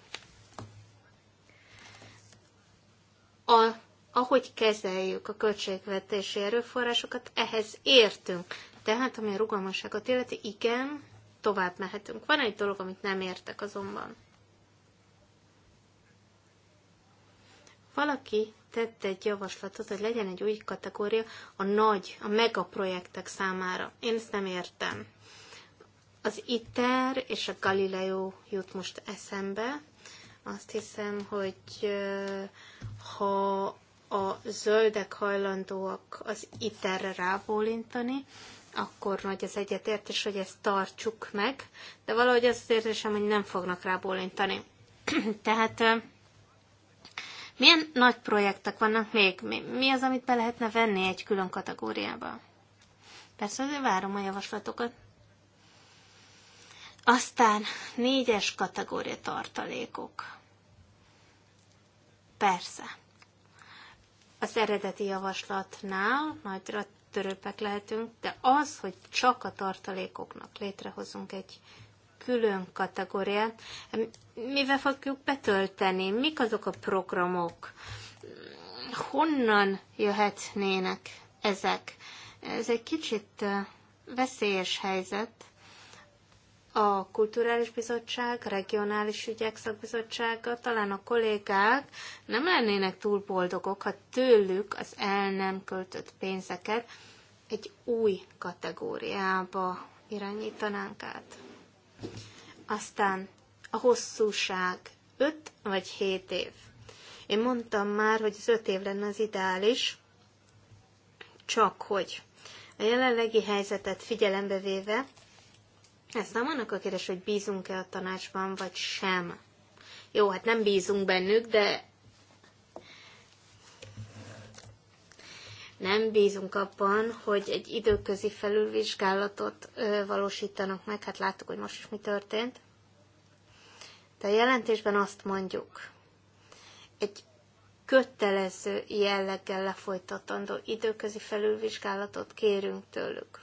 a, ahogy kezeljük a költségvetési erőforrásokat, ehhez értünk. Tehát, ami a rugalmasságot illeti, igen, tovább mehetünk. Van egy dolog, amit nem értek azonban. Valaki tette egy javaslatot, hogy legyen egy új kategória a nagy, a megaprojektek számára. Én ezt nem értem. Az ITER és a Galileo jut most eszembe. Azt hiszem, hogy ha a zöldek hajlandóak az ITER-re rábólintani, akkor nagy az egyetértés, hogy ezt tartsuk meg, de valahogy az az érzésem, hogy nem fognak rábólintani. [clears throat] Tehát milyen nagy projektek vannak még? Mi, mi az, amit be lehetne venni egy külön kategóriába? Persze azért várom a javaslatokat. Aztán négyes kategória tartalékok. Persze. Az eredeti javaslatnál nagyra törőpek lehetünk, de az, hogy csak a tartalékoknak létrehozunk egy külön kategóriát, mivel fogjuk betölteni, mik azok a programok, honnan jöhetnének ezek. Ez egy kicsit veszélyes helyzet. A Kulturális Bizottság, Regionális Ügyek Szakbizottsága, talán a kollégák nem lennének túl boldogok, ha tőlük az el nem költött pénzeket egy új kategóriába irányítanánk át. Aztán a hosszúság 5 vagy 7 év. Én mondtam már, hogy az 5 év lenne az ideális, csak hogy a jelenlegi helyzetet figyelembe véve, ez nem annak a kérdés, hogy bízunk-e a tanácsban, vagy sem. Jó, hát nem bízunk bennük, de nem bízunk abban, hogy egy időközi felülvizsgálatot valósítanak meg, hát láttuk, hogy most is mi történt. De a jelentésben azt mondjuk, egy kötelező jelleggel lefolytatandó időközi felülvizsgálatot kérünk tőlük.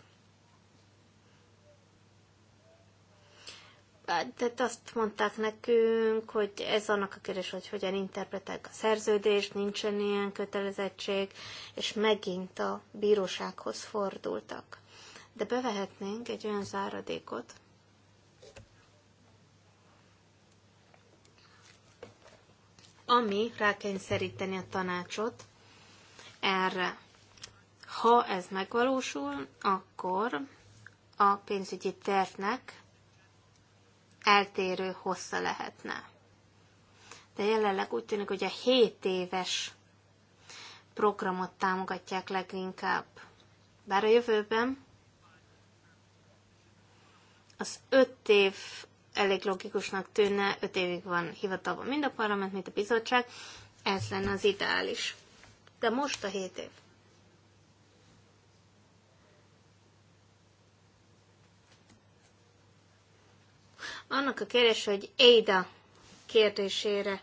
de azt mondták nekünk, hogy ez annak a kérdés, hogy hogyan interpretálják a szerződést, nincsen ilyen kötelezettség, és megint a bírósághoz fordultak. De bevehetnénk egy olyan záradékot, ami rákényszeríteni a tanácsot erre. Ha ez megvalósul, akkor a pénzügyi tervnek eltérő hossza lehetne. De jelenleg úgy tűnik, hogy a 7 éves programot támogatják leginkább. Bár a jövőben az 5 év elég logikusnak tűnne, 5 évig van hivatalban mind a parlament, mint a bizottság, ez lenne az ideális. De most a 7 év. Annak a kérdés, hogy Éda kérdésére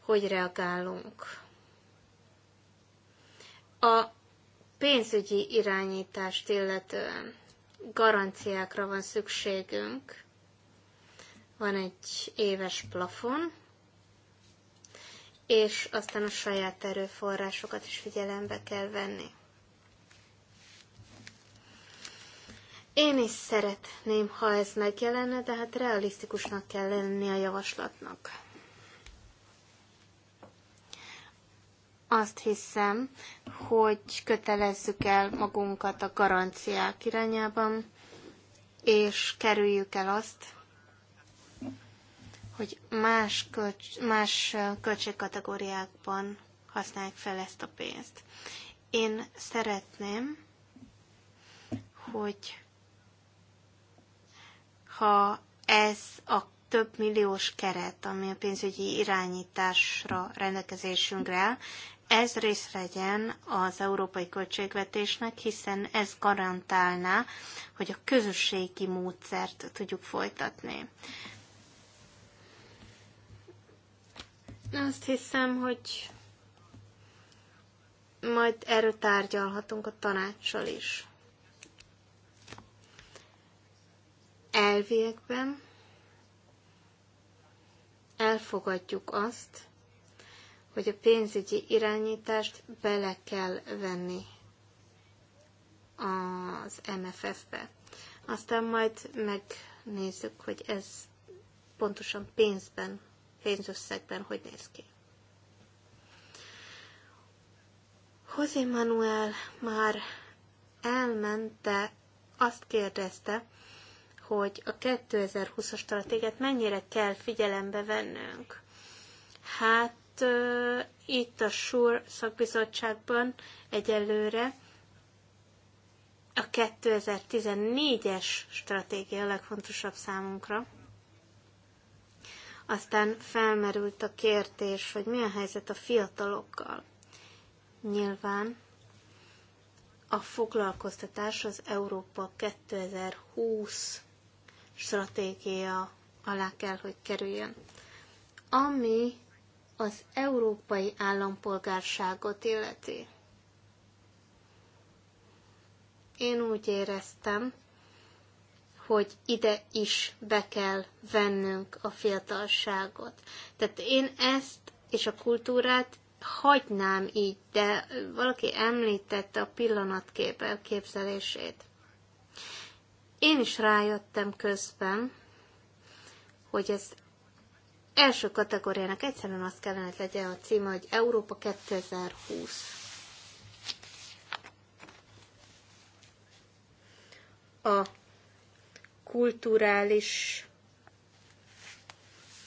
hogy reagálunk. A pénzügyi irányítást illetően garanciákra van szükségünk. Van egy éves plafon, és aztán a saját erőforrásokat is figyelembe kell venni. Én is szeretném, ha ez megjelenne, de hát realisztikusnak kell lenni a javaslatnak. Azt hiszem, hogy kötelezzük el magunkat a garanciák irányában, és kerüljük el azt, hogy más, kölcs, más költségkategóriákban használják fel ezt a pénzt. Én szeretném, hogy ha ez a több milliós keret, ami a pénzügyi irányításra rendelkezésünkre áll, ez rész legyen az európai költségvetésnek, hiszen ez garantálná, hogy a közösségi módszert tudjuk folytatni. Azt hiszem, hogy majd erről tárgyalhatunk a tanácssal is. elviekben elfogadjuk azt, hogy a pénzügyi irányítást bele kell venni az MFF-be. Aztán majd megnézzük, hogy ez pontosan pénzben, pénzösszegben hogy néz ki. José Manuel már elment, de azt kérdezte, hogy a 2020-as stratégiát mennyire kell figyelembe vennünk. Hát itt a SUR szakbizottságban egyelőre a 2014-es stratégia a legfontosabb számunkra. Aztán felmerült a kérdés, hogy mi a helyzet a fiatalokkal. Nyilván a foglalkoztatás az Európa 2020 stratégia alá kell, hogy kerüljön. Ami az európai állampolgárságot illeti. Én úgy éreztem, hogy ide is be kell vennünk a fiatalságot. Tehát én ezt és a kultúrát hagynám így, de valaki említette a pillanatkép elképzelését. Én is rájöttem közben, hogy ez első kategóriának egyszerűen azt kellene, hogy legyen a címe, hogy Európa 2020. A kulturális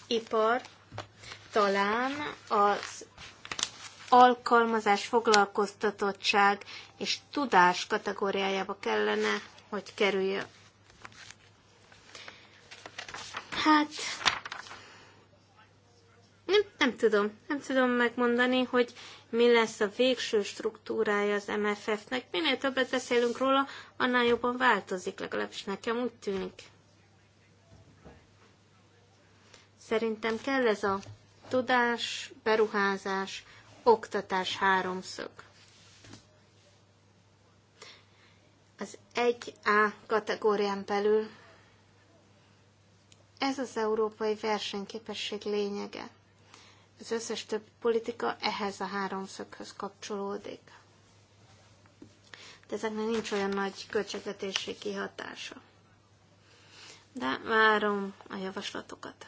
ipar talán az alkalmazás, foglalkoztatottság és tudás kategóriájába kellene, hogy kerüljön. Hát nem, nem tudom, nem tudom megmondani, hogy mi lesz a végső struktúrája az MFF-nek. Minél többet beszélünk róla, annál jobban változik, legalábbis nekem úgy tűnik. Szerintem kell ez a tudás, beruházás, oktatás háromszög. Az 1A kategórián belül ez az európai versenyképesség lényege. Az összes több politika ehhez a háromszöghöz kapcsolódik. De ezeknek nincs olyan nagy költségvetési kihatása. De várom a javaslatokat.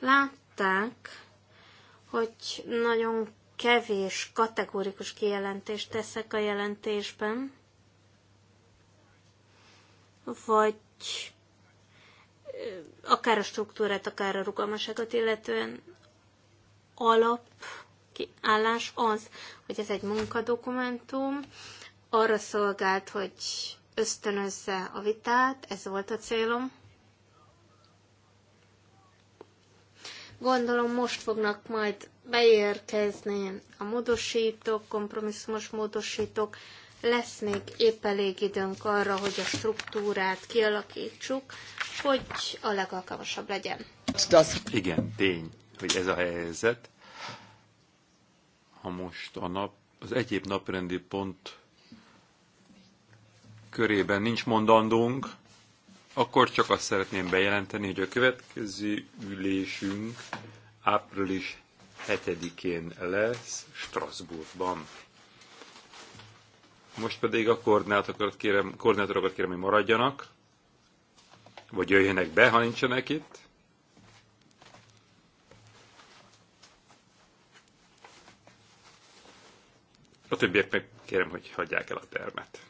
Látták, hogy nagyon kevés kategórikus kijelentést teszek a jelentésben, vagy akár a struktúrát, akár a rugalmasságot illetően alap, állás, az, hogy ez egy munkadokumentum, arra szolgált, hogy ösztönözze a vitát, ez volt a célom. Gondolom most fognak majd beérkezni a módosítók, kompromisszumos módosítók, lesz még épp elég időnk arra, hogy a struktúrát kialakítsuk, hogy a legalkalmasabb legyen. Igen, tény, hogy ez a helyzet. Ha most a nap, az egyéb naprendi pont körében nincs mondandónk, akkor csak azt szeretném bejelenteni, hogy a következő ülésünk április 7-én lesz Strasbourgban. Most pedig a koordinátorokat kérem, koordinátorokat kérem, hogy maradjanak, vagy jöjjenek be, ha nincsenek itt. A többiek meg kérem, hogy hagyják el a termet.